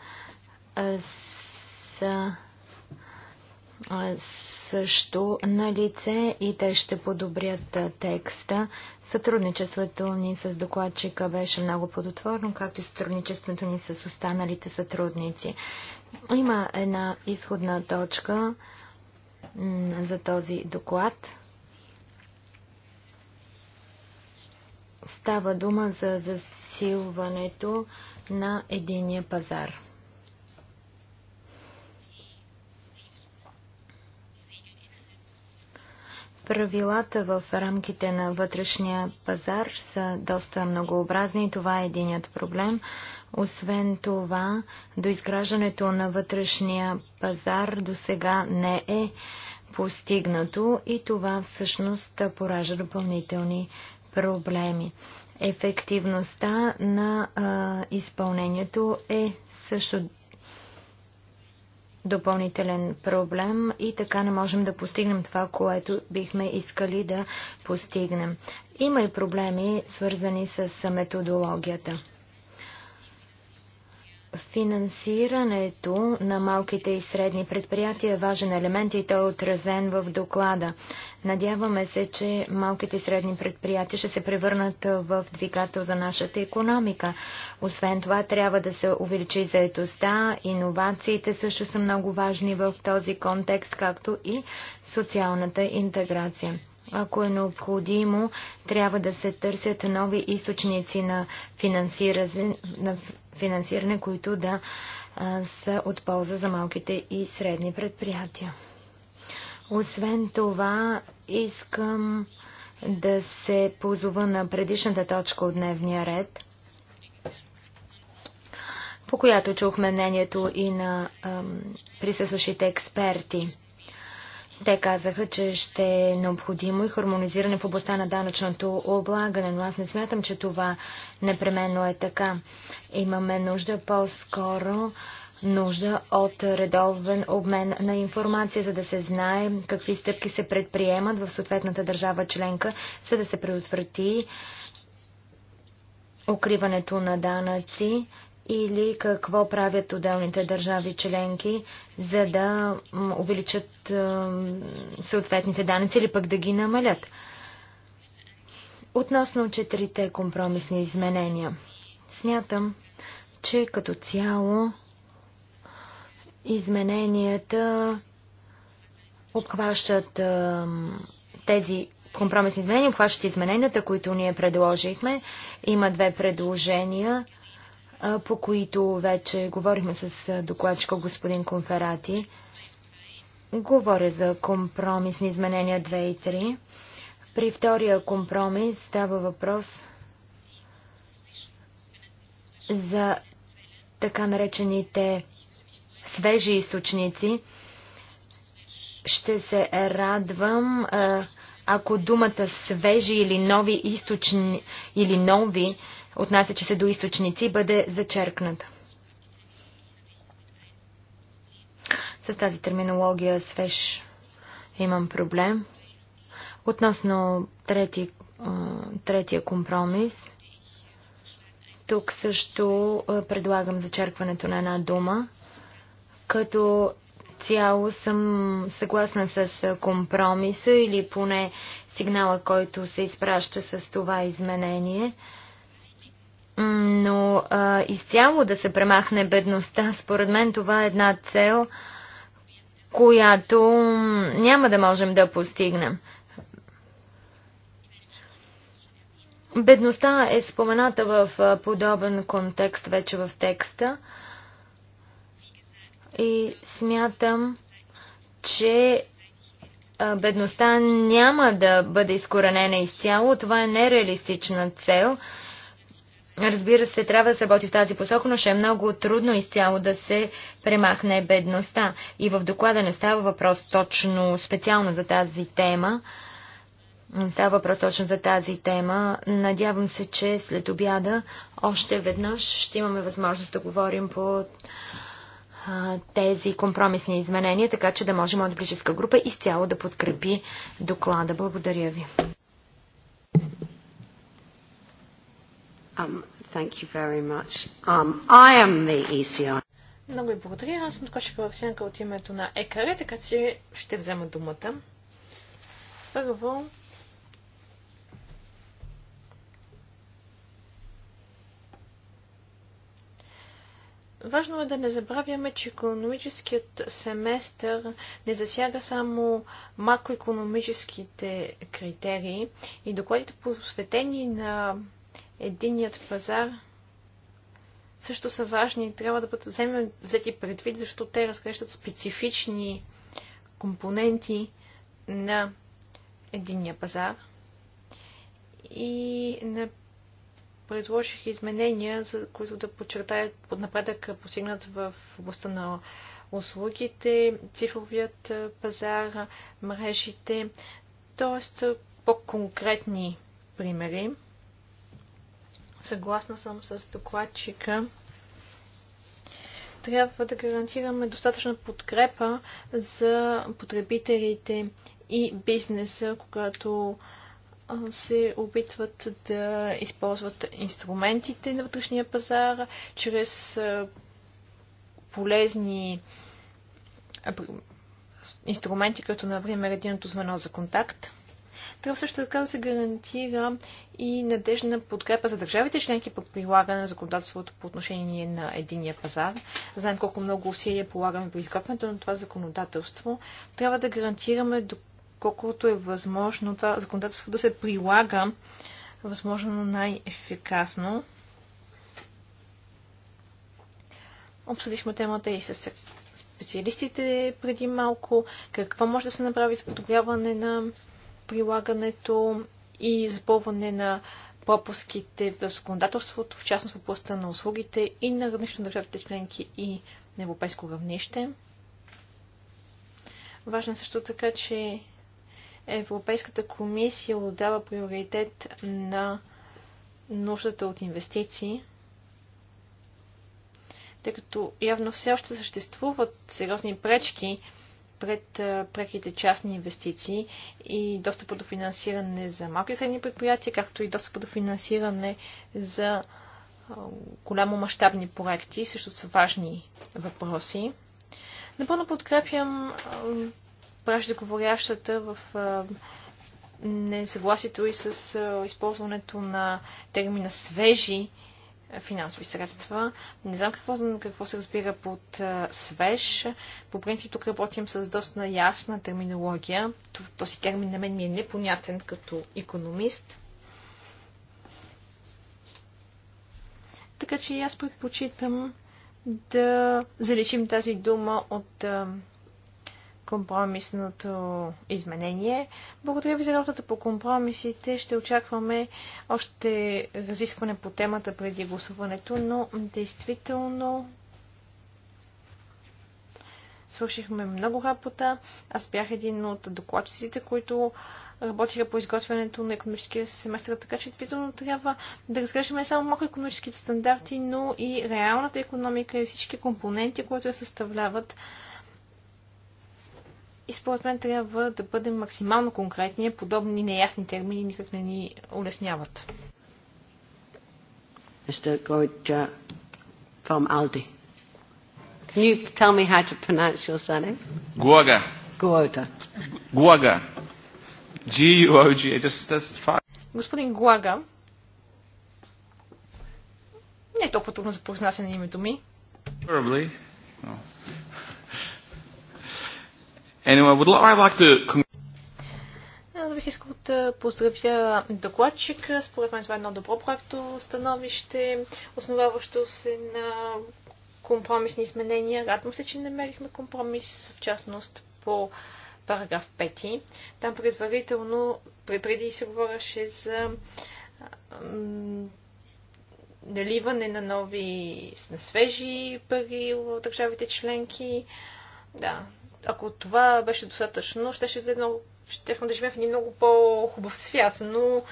са също на лице и те ще подобрят текста. Сътрудничеството ни с докладчика беше много плодотворно, както и сътрудничеството ни с останалите сътрудници. Има една изходна точка за този доклад. Става дума за засилването на единия пазар. Правилата в рамките на вътрешния пазар са доста многообразни и това е единият проблем. Освен това, до изграждането на вътрешния пазар до сега не е постигнато и това всъщност поража допълнителни проблеми. Ефективността на а, изпълнението е също допълнителен проблем и така не можем да постигнем това, което бихме искали да постигнем. Има и проблеми, свързани с методологията. Финансирането на малките и средни предприятия е важен елемент и той е отразен в доклада. Надяваме се, че малките и средни предприятия ще се превърнат в двигател за нашата економика. Освен това, трябва да се увеличи заетостта, иновациите също са много важни в този контекст, както и социалната интеграция. Ако е необходимо, трябва да се търсят нови източници на финансиране, на финансиране, които да са от полза за малките и средни предприятия. Освен това, искам да се позова на предишната точка от дневния ред, по която чухме мнението и на присъстващите експерти. Те казаха, че ще е необходимо и хармонизиране в областта на данъчното облагане, но аз не смятам, че това непременно е така. Имаме нужда по-скоро нужда от редовен обмен на информация, за да се знае какви стъпки се предприемат в съответната държава членка, за да се предотврати укриването на данъци или какво правят отделните държави членки, за да увеличат съответните данъци или пък да ги намалят. Относно четирите компромисни изменения, смятам, че като цяло измененията обхващат тези компромисни изменения, обхващат измененията, които ние предложихме. Има две предложения – по които вече говорихме с докладчика господин Конферати. Говоря за компромисни изменения 2 и 3. При втория компромис става въпрос за така наречените свежи източници. Ще се радвам, ако думата свежи или нови източни или нови отнасяща се до източници, бъде зачеркната. С тази терминология свеж имам проблем. Относно трети, третия компромис, тук също предлагам зачеркването на една дума. Като цяло съм съгласна с компромиса или поне сигнала, който се изпраща с това изменение – но а, изцяло да се премахне бедността, според мен това е една цел, която няма да можем да постигнем. Бедността е спомената в подобен контекст вече в текста и смятам, че бедността няма да бъде изкоренена изцяло. Това е нереалистична цел. Разбира се, трябва да се работи в тази посока, но ще е много трудно изцяло да се премахне бедността. И в доклада не става въпрос точно специално за тази тема. Не става въпрос точно за тази тема. Надявам се, че след обяда още веднъж ще имаме възможност да говорим по тези компромисни изменения, така че да можем от близка група изцяло да подкрепи доклада. Благодаря ви. Um, thank you very much. Um, I am the ECI. Много ви благодаря. Аз съм докладчика в сянка от името на ЕКР, така че ще взема думата. Първо, Важно е да не забравяме, че економическият семестър не засяга само макроекономическите критерии и докладите посветени на единният пазар също са важни и трябва да бъдат вземем, взети предвид, защото те разкрещат специфични компоненти на единния пазар. И не предложих изменения, за които да подчертаят под напредък постигнат в областта на услугите, цифровият пазар, мрежите, т.е. по-конкретни примери. Съгласна съм с докладчика. Трябва да гарантираме достатъчна подкрепа за потребителите и бизнеса, когато се опитват да използват инструментите на вътрешния пазар чрез полезни инструменти, като например единото звено за контакт. Трябва също така да се гарантира и надежна подкрепа за държавите членки по прилагане на законодателството по отношение на единия пазар. Знаем колко много усилия полагаме по изготвянето на това законодателство. Трябва да гарантираме доколкото е възможно това законодателство да се прилага възможно най-ефикасно. Обсъдихме темата и с специалистите преди малко. Какво може да се направи за подобряване на прилагането и запълване на пропуските в законодателството, в частност в областта на услугите и на равнището на държавите членки и на европейско равнище. Важно е също така, че Европейската комисия отдава приоритет на нуждата от инвестиции, тъй като явно все още съществуват сериозни пречки пред преките частни инвестиции и достъпа до финансиране за малки и средни предприятия, както и достъпа до финансиране за голямо мащабни проекти, също са важни въпроси. Напълно подкрепям преждеговорящата в несъгласието и с използването на термина свежи финансови средства. Не знам какво, какво се разбира под свеж. По принцип тук работим с доста ясна терминология. Този термин на мен ми е непонятен като економист. Така че аз предпочитам да заличим тази дума от компромисното изменение. Благодаря ви за работата по компромисите. Ще очакваме още разискване по темата преди гласуването, но действително свършихме много работа. Аз бях един от докладчиците, които работиха по изготвянето на економическия семестър, така че действително трябва да разглеждаме не само макроекономическите стандарти, но и реалната економика и всички компоненти, които я съставляват и според мен трябва да бъдем максимално конкретни, подобни неясни термини никак не ни улесняват. Mr. Goja from Aldi. Can you tell me how to pronounce your surname? Guaga. Guaga. G-U-O-G. that's fine. Господин Гуага, не е толкова трудно за произнасяне на името ми. Probably. Anyway, would I like to... бих искал да поздравя докладчика. Според мен това е едно добро проекто становище, основаващо се на компромисни изменения. Радвам се, че намерихме компромис, в частност по параграф 5. Там предварително, преди се говореше за наливане на нови, на свежи пари от държавите членки. Да, ако това беше достатъчно, ще ще да, е много, да живеем в един много по-хубав свят, но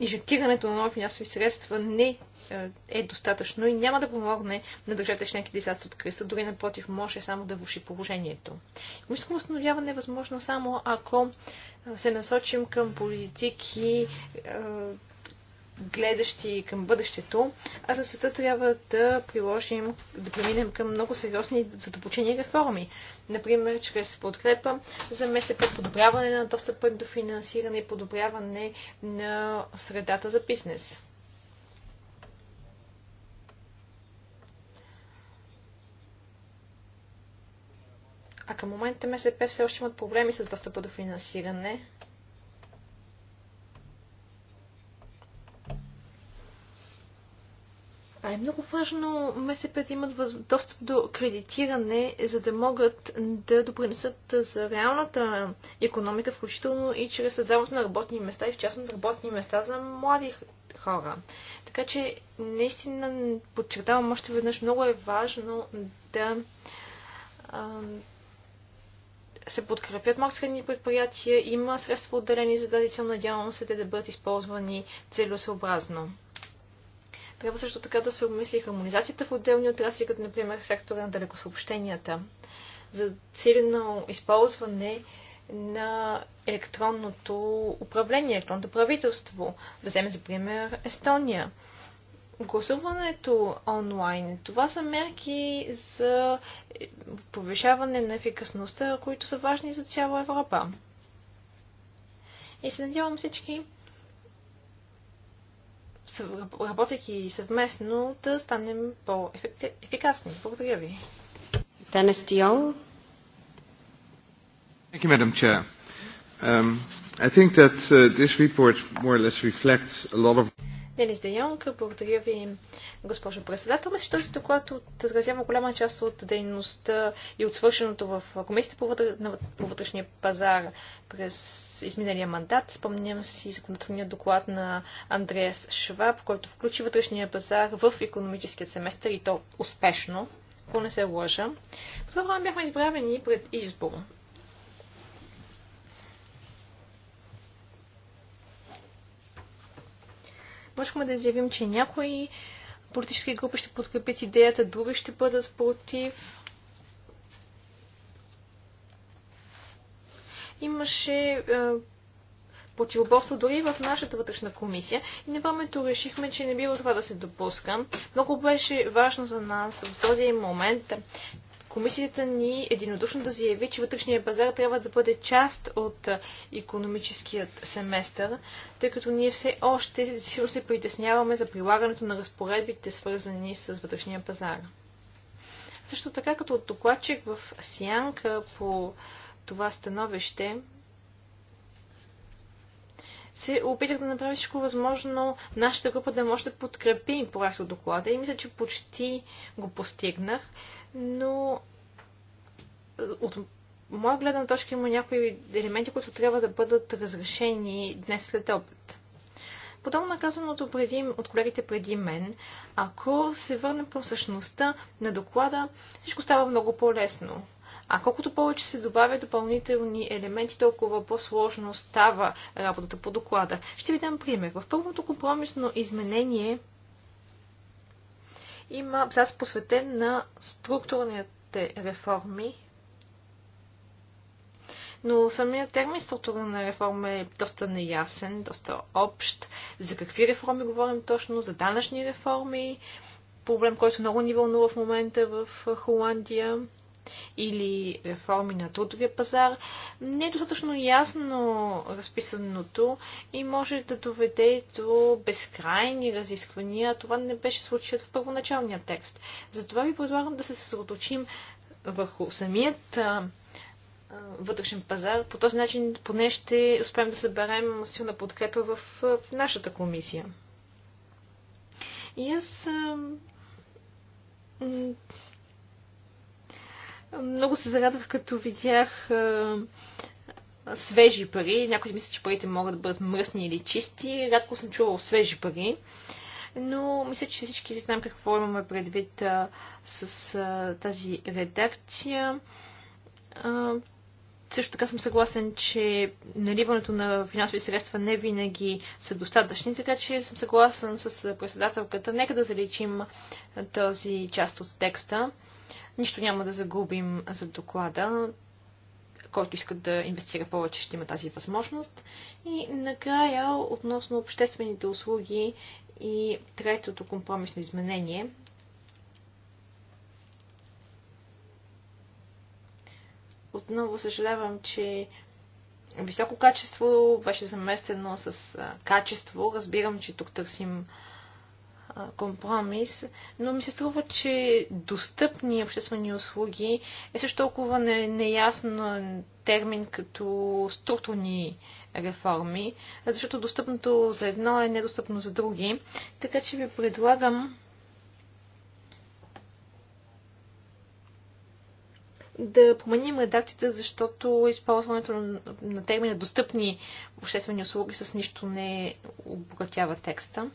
инжектирането на нови финансови средства не е, е достатъчно и няма да помогне на държавите членки да излязат от криза, дори напротив, може само да влуши положението. Економическо възстановяване е възможно само ако се насочим към политики, гледащи към бъдещето, а за света трябва да приложим, да преминем към много сериозни задълбочени реформи. Например, чрез подкрепа за МСП, подобряване на достъпа до финансиране и подобряване на средата за бизнес. А към момента МСП все още имат проблеми с достъпа до финансиране. А е много важно МСП да имат достъп до кредитиране, за да могат да допринесат за реалната економика, включително и чрез създаването на работни места и в частност работни места за млади хора. Така че, наистина, подчертавам още веднъж, много е важно да а, се подкрепят малки предприятия. Има средства отделени за тази цел. Надявам се те да бъдат използвани целесообразно. Трябва също така да се обмисли хармонизацията в отделни отрасли, като например сектора на далекосъобщенията, за силно използване на електронното управление, електронното правителство. Да вземе за пример Естония. Гласуването онлайн, това са мерки за повишаване на ефикасността, които са важни за цяла Европа. И се надявам всички работейки съвместно, да станем по-ефикасни. Благодаря ви. Денис Дион. Thank you, Madam Chair. Um, I think that uh, this report more or less reflects a lot of... Нелис Де Благодаря ви, госпожо председател. Мисля, че този доклад отразява голяма част от дейността и от свършеното в Комисията по, вътре, по вътрешния пазар през изминалия мандат. Спомням си законодателния доклад на Андреас Шваб, който включи вътрешния пазар в економическия семестър и то успешно, ако не се лъжа. По това време бяхме избравени пред избор. Можехме да изявим, че някои политически групи ще подкрепят идеята, други ще бъдат против. Имаше е, противоборство дори в нашата вътрешна комисия и на времето решихме, че не бива това да се допуска. Много беше важно за нас в този момент комисията ни единодушно да заяви, че вътрешния пазар трябва да бъде част от економическият семестър, тъй като ние все още силно се притесняваме за прилагането на разпоредбите, свързани с вътрешния пазар. Също така, като докладчик в Сянка по това становище, се опитах да направя всичко възможно нашата група да може да подкрепи проект от доклада и мисля, че почти го постигнах но от моя гледна точка има някои елементи, които трябва да бъдат разрешени днес след обед. Подобно на казаното преди, от колегите преди мен, ако се върнем към същността на доклада, всичко става много по-лесно. А колкото повече се добавя допълнителни елементи, толкова по-сложно става работата по доклада. Ще ви дам пример. В първото компромисно изменение има абзац посветен на структурните реформи, но самият термин структурна реформа е доста неясен, доста общ. За какви реформи говорим точно? За данъчни реформи, проблем, който много ни вълнува в момента в Холандия или реформи на трудовия пазар, не е достатъчно ясно разписаното и може да доведе до безкрайни разисквания. Това не беше случаят в първоначалния текст. Затова ви предлагам да се съсредоточим върху самият вътрешен пазар. По този начин поне ще успеем да съберем силна подкрепа в нашата комисия. И аз много се зарадвах, като видях е, свежи пари. Някои мисля, че парите могат да бъдат мръсни или чисти. Рядко съм чувал свежи пари. Но мисля, че всички знаем какво имаме предвид а, е, с а, е, тази редакция. А, също така съм съгласен, че наливането на финансови средства не винаги са достатъчни, така че съм съгласен с председателката. Нека да заличим тази част от текста. Нищо няма да загубим за доклада. Който иска да инвестира повече, ще има тази възможност. И накрая, относно обществените услуги и третото компромисно изменение, отново съжалявам, че високо качество беше заместено с качество. Разбирам, че тук търсим компромис, но ми се струва, че достъпни обществени услуги е също толкова не, неясен термин като структурни реформи, защото достъпното за едно е недостъпно за други. Така че ви предлагам да променим редакцията, защото използването на термина достъпни обществени услуги с нищо не обогатява текста.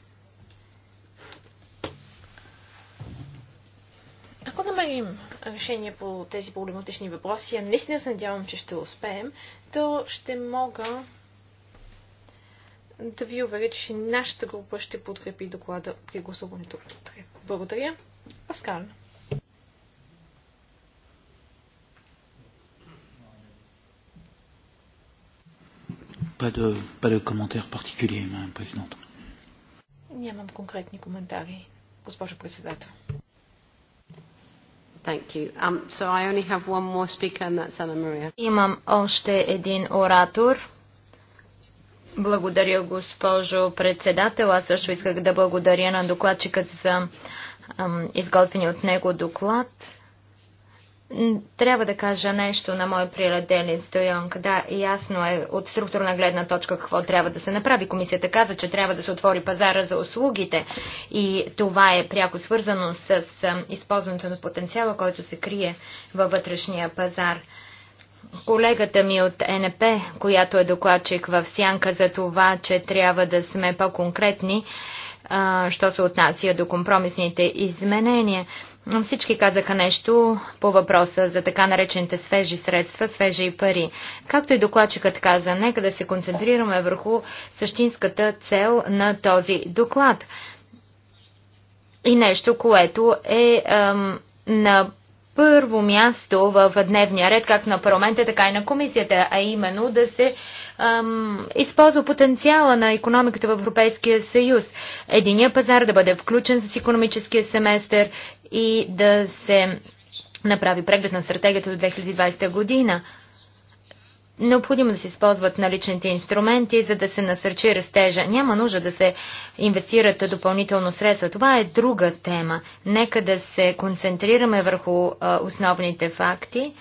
ако намерим решение по тези проблематични въпроси, а наистина се надявам, че ще успеем, то ще мога да ви уверя, че нашата група ще подкрепи доклада при гласуването. Благодаря. Паскал. Pas de, pas de Madame Présidente. Нямам конкретни коментари, госпожо председател. Thank you. Um, so I only have one more speaker and that's Anna Maria. Имам още един оратор. Благодаря, госпожо председател. Аз също исках да благодаря на докладчикът за ам, изготвени от него доклад. Трябва да кажа нещо на мой приятел Дойонг. Да, ясно е от структурна гледна точка какво трябва да се направи. Комисията каза, че трябва да се отвори пазара за услугите и това е пряко свързано с използването на потенциала, който се крие във вътрешния пазар. Колегата ми от НП, която е докладчик в сянка за това, че трябва да сме по-конкретни, що се отнася до компромисните изменения – всички казаха нещо по въпроса за така наречените свежи средства, свежи пари. Както и докладчикът каза, нека да се концентрираме върху същинската цел на този доклад. И нещо, което е ам, на първо място в дневния ред, както на парламента, така и на комисията, а именно да се ам, използва потенциала на економиката в Европейския съюз. Единия пазар да бъде включен с економическия семестър и да се направи преглед на стратегията до 2020 година. Необходимо да се използват наличните инструменти, за да се насърчи растежа. Няма нужда да се инвестират допълнително средства. Това е друга тема. Нека да се концентрираме върху основните факти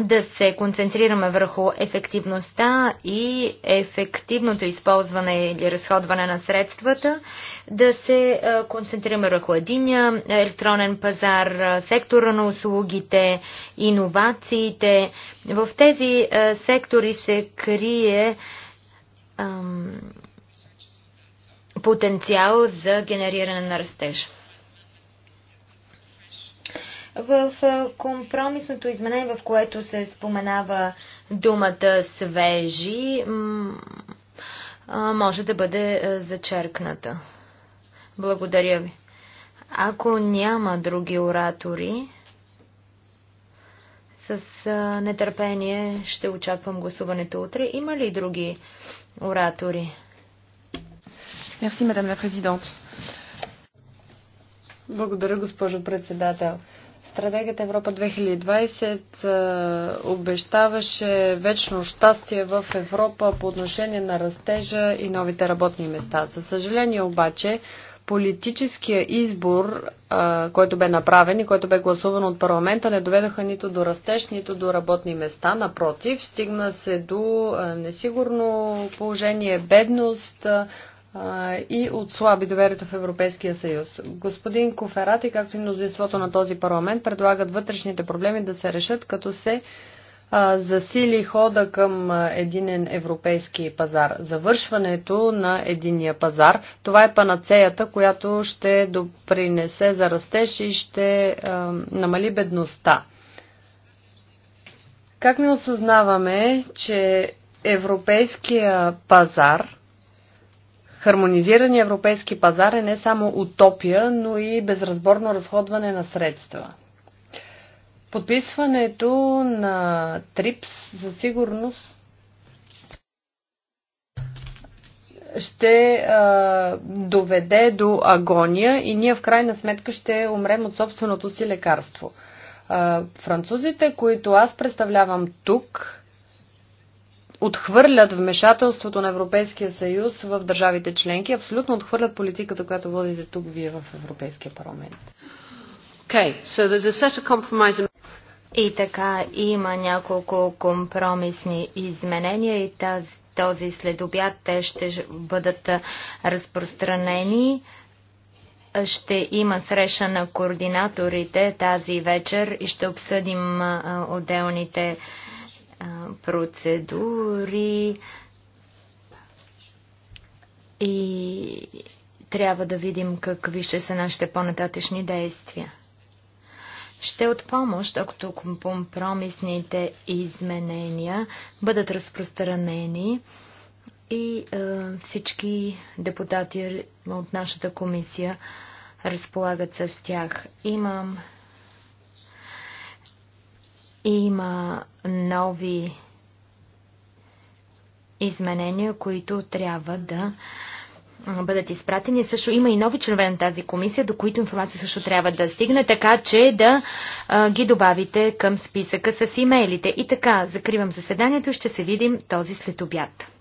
да се концентрираме върху ефективността и ефективното използване или разходване на средствата, да се концентрираме върху единия електронен пазар, сектора на услугите, иновациите. В тези сектори се крие потенциал за генериране на растеж. В компромисното изменение, в което се споменава думата свежи, може да бъде зачеркната. Благодаря ви. Ако няма други оратори, с нетърпение ще очаквам гласуването утре. Има ли други оратори? Мерси, мадам ла президент. Благодаря, госпожо председател. Стратегията Европа 2020 е, обещаваше вечно щастие в Европа по отношение на растежа и новите работни места. Със съжаление обаче, политическия избор, е, който бе направен и който бе гласуван от парламента, не доведаха нито до растеж, нито до работни места. Напротив, стигна се до е, несигурно положение, бедност, и отслаби доверието в Европейския съюз. Господин Коферати, както и мнозинството на този парламент, предлагат вътрешните проблеми да се решат, като се засили хода към единен европейски пазар. Завършването на единия пазар, това е панацеята, която ще допринесе за растеж и ще а, намали бедността. Как не осъзнаваме, че европейския пазар – Хармонизирани европейски пазар е не само утопия, но и безразборно разходване на средства. Подписването на ТРИПС за сигурност ще а, доведе до агония и ние в крайна сметка ще умрем от собственото си лекарство. А, французите, които аз представлявам тук, отхвърлят вмешателството на Европейския съюз в държавите членки, абсолютно отхвърлят политиката, която водите тук вие в Европейския парламент. Okay, so there's a set of compromise... И така има няколко компромисни изменения и тази, този следобят те ще бъдат разпространени. Ще има среща на координаторите тази вечер и ще обсъдим отделните а, процедури и трябва да видим какви ще са нашите по-нататъчни действия. Ще от помощ, ако компромисните изменения бъдат разпространени и е, всички депутати от нашата комисия разполагат с тях. Имам има нови изменения, които трябва да бъдат изпратени. Също има и нови членове на тази комисия, до които информация също трябва да стигне, така че да а, ги добавите към списъка с имейлите. И така, закривам заседанието и ще се видим този след обяд.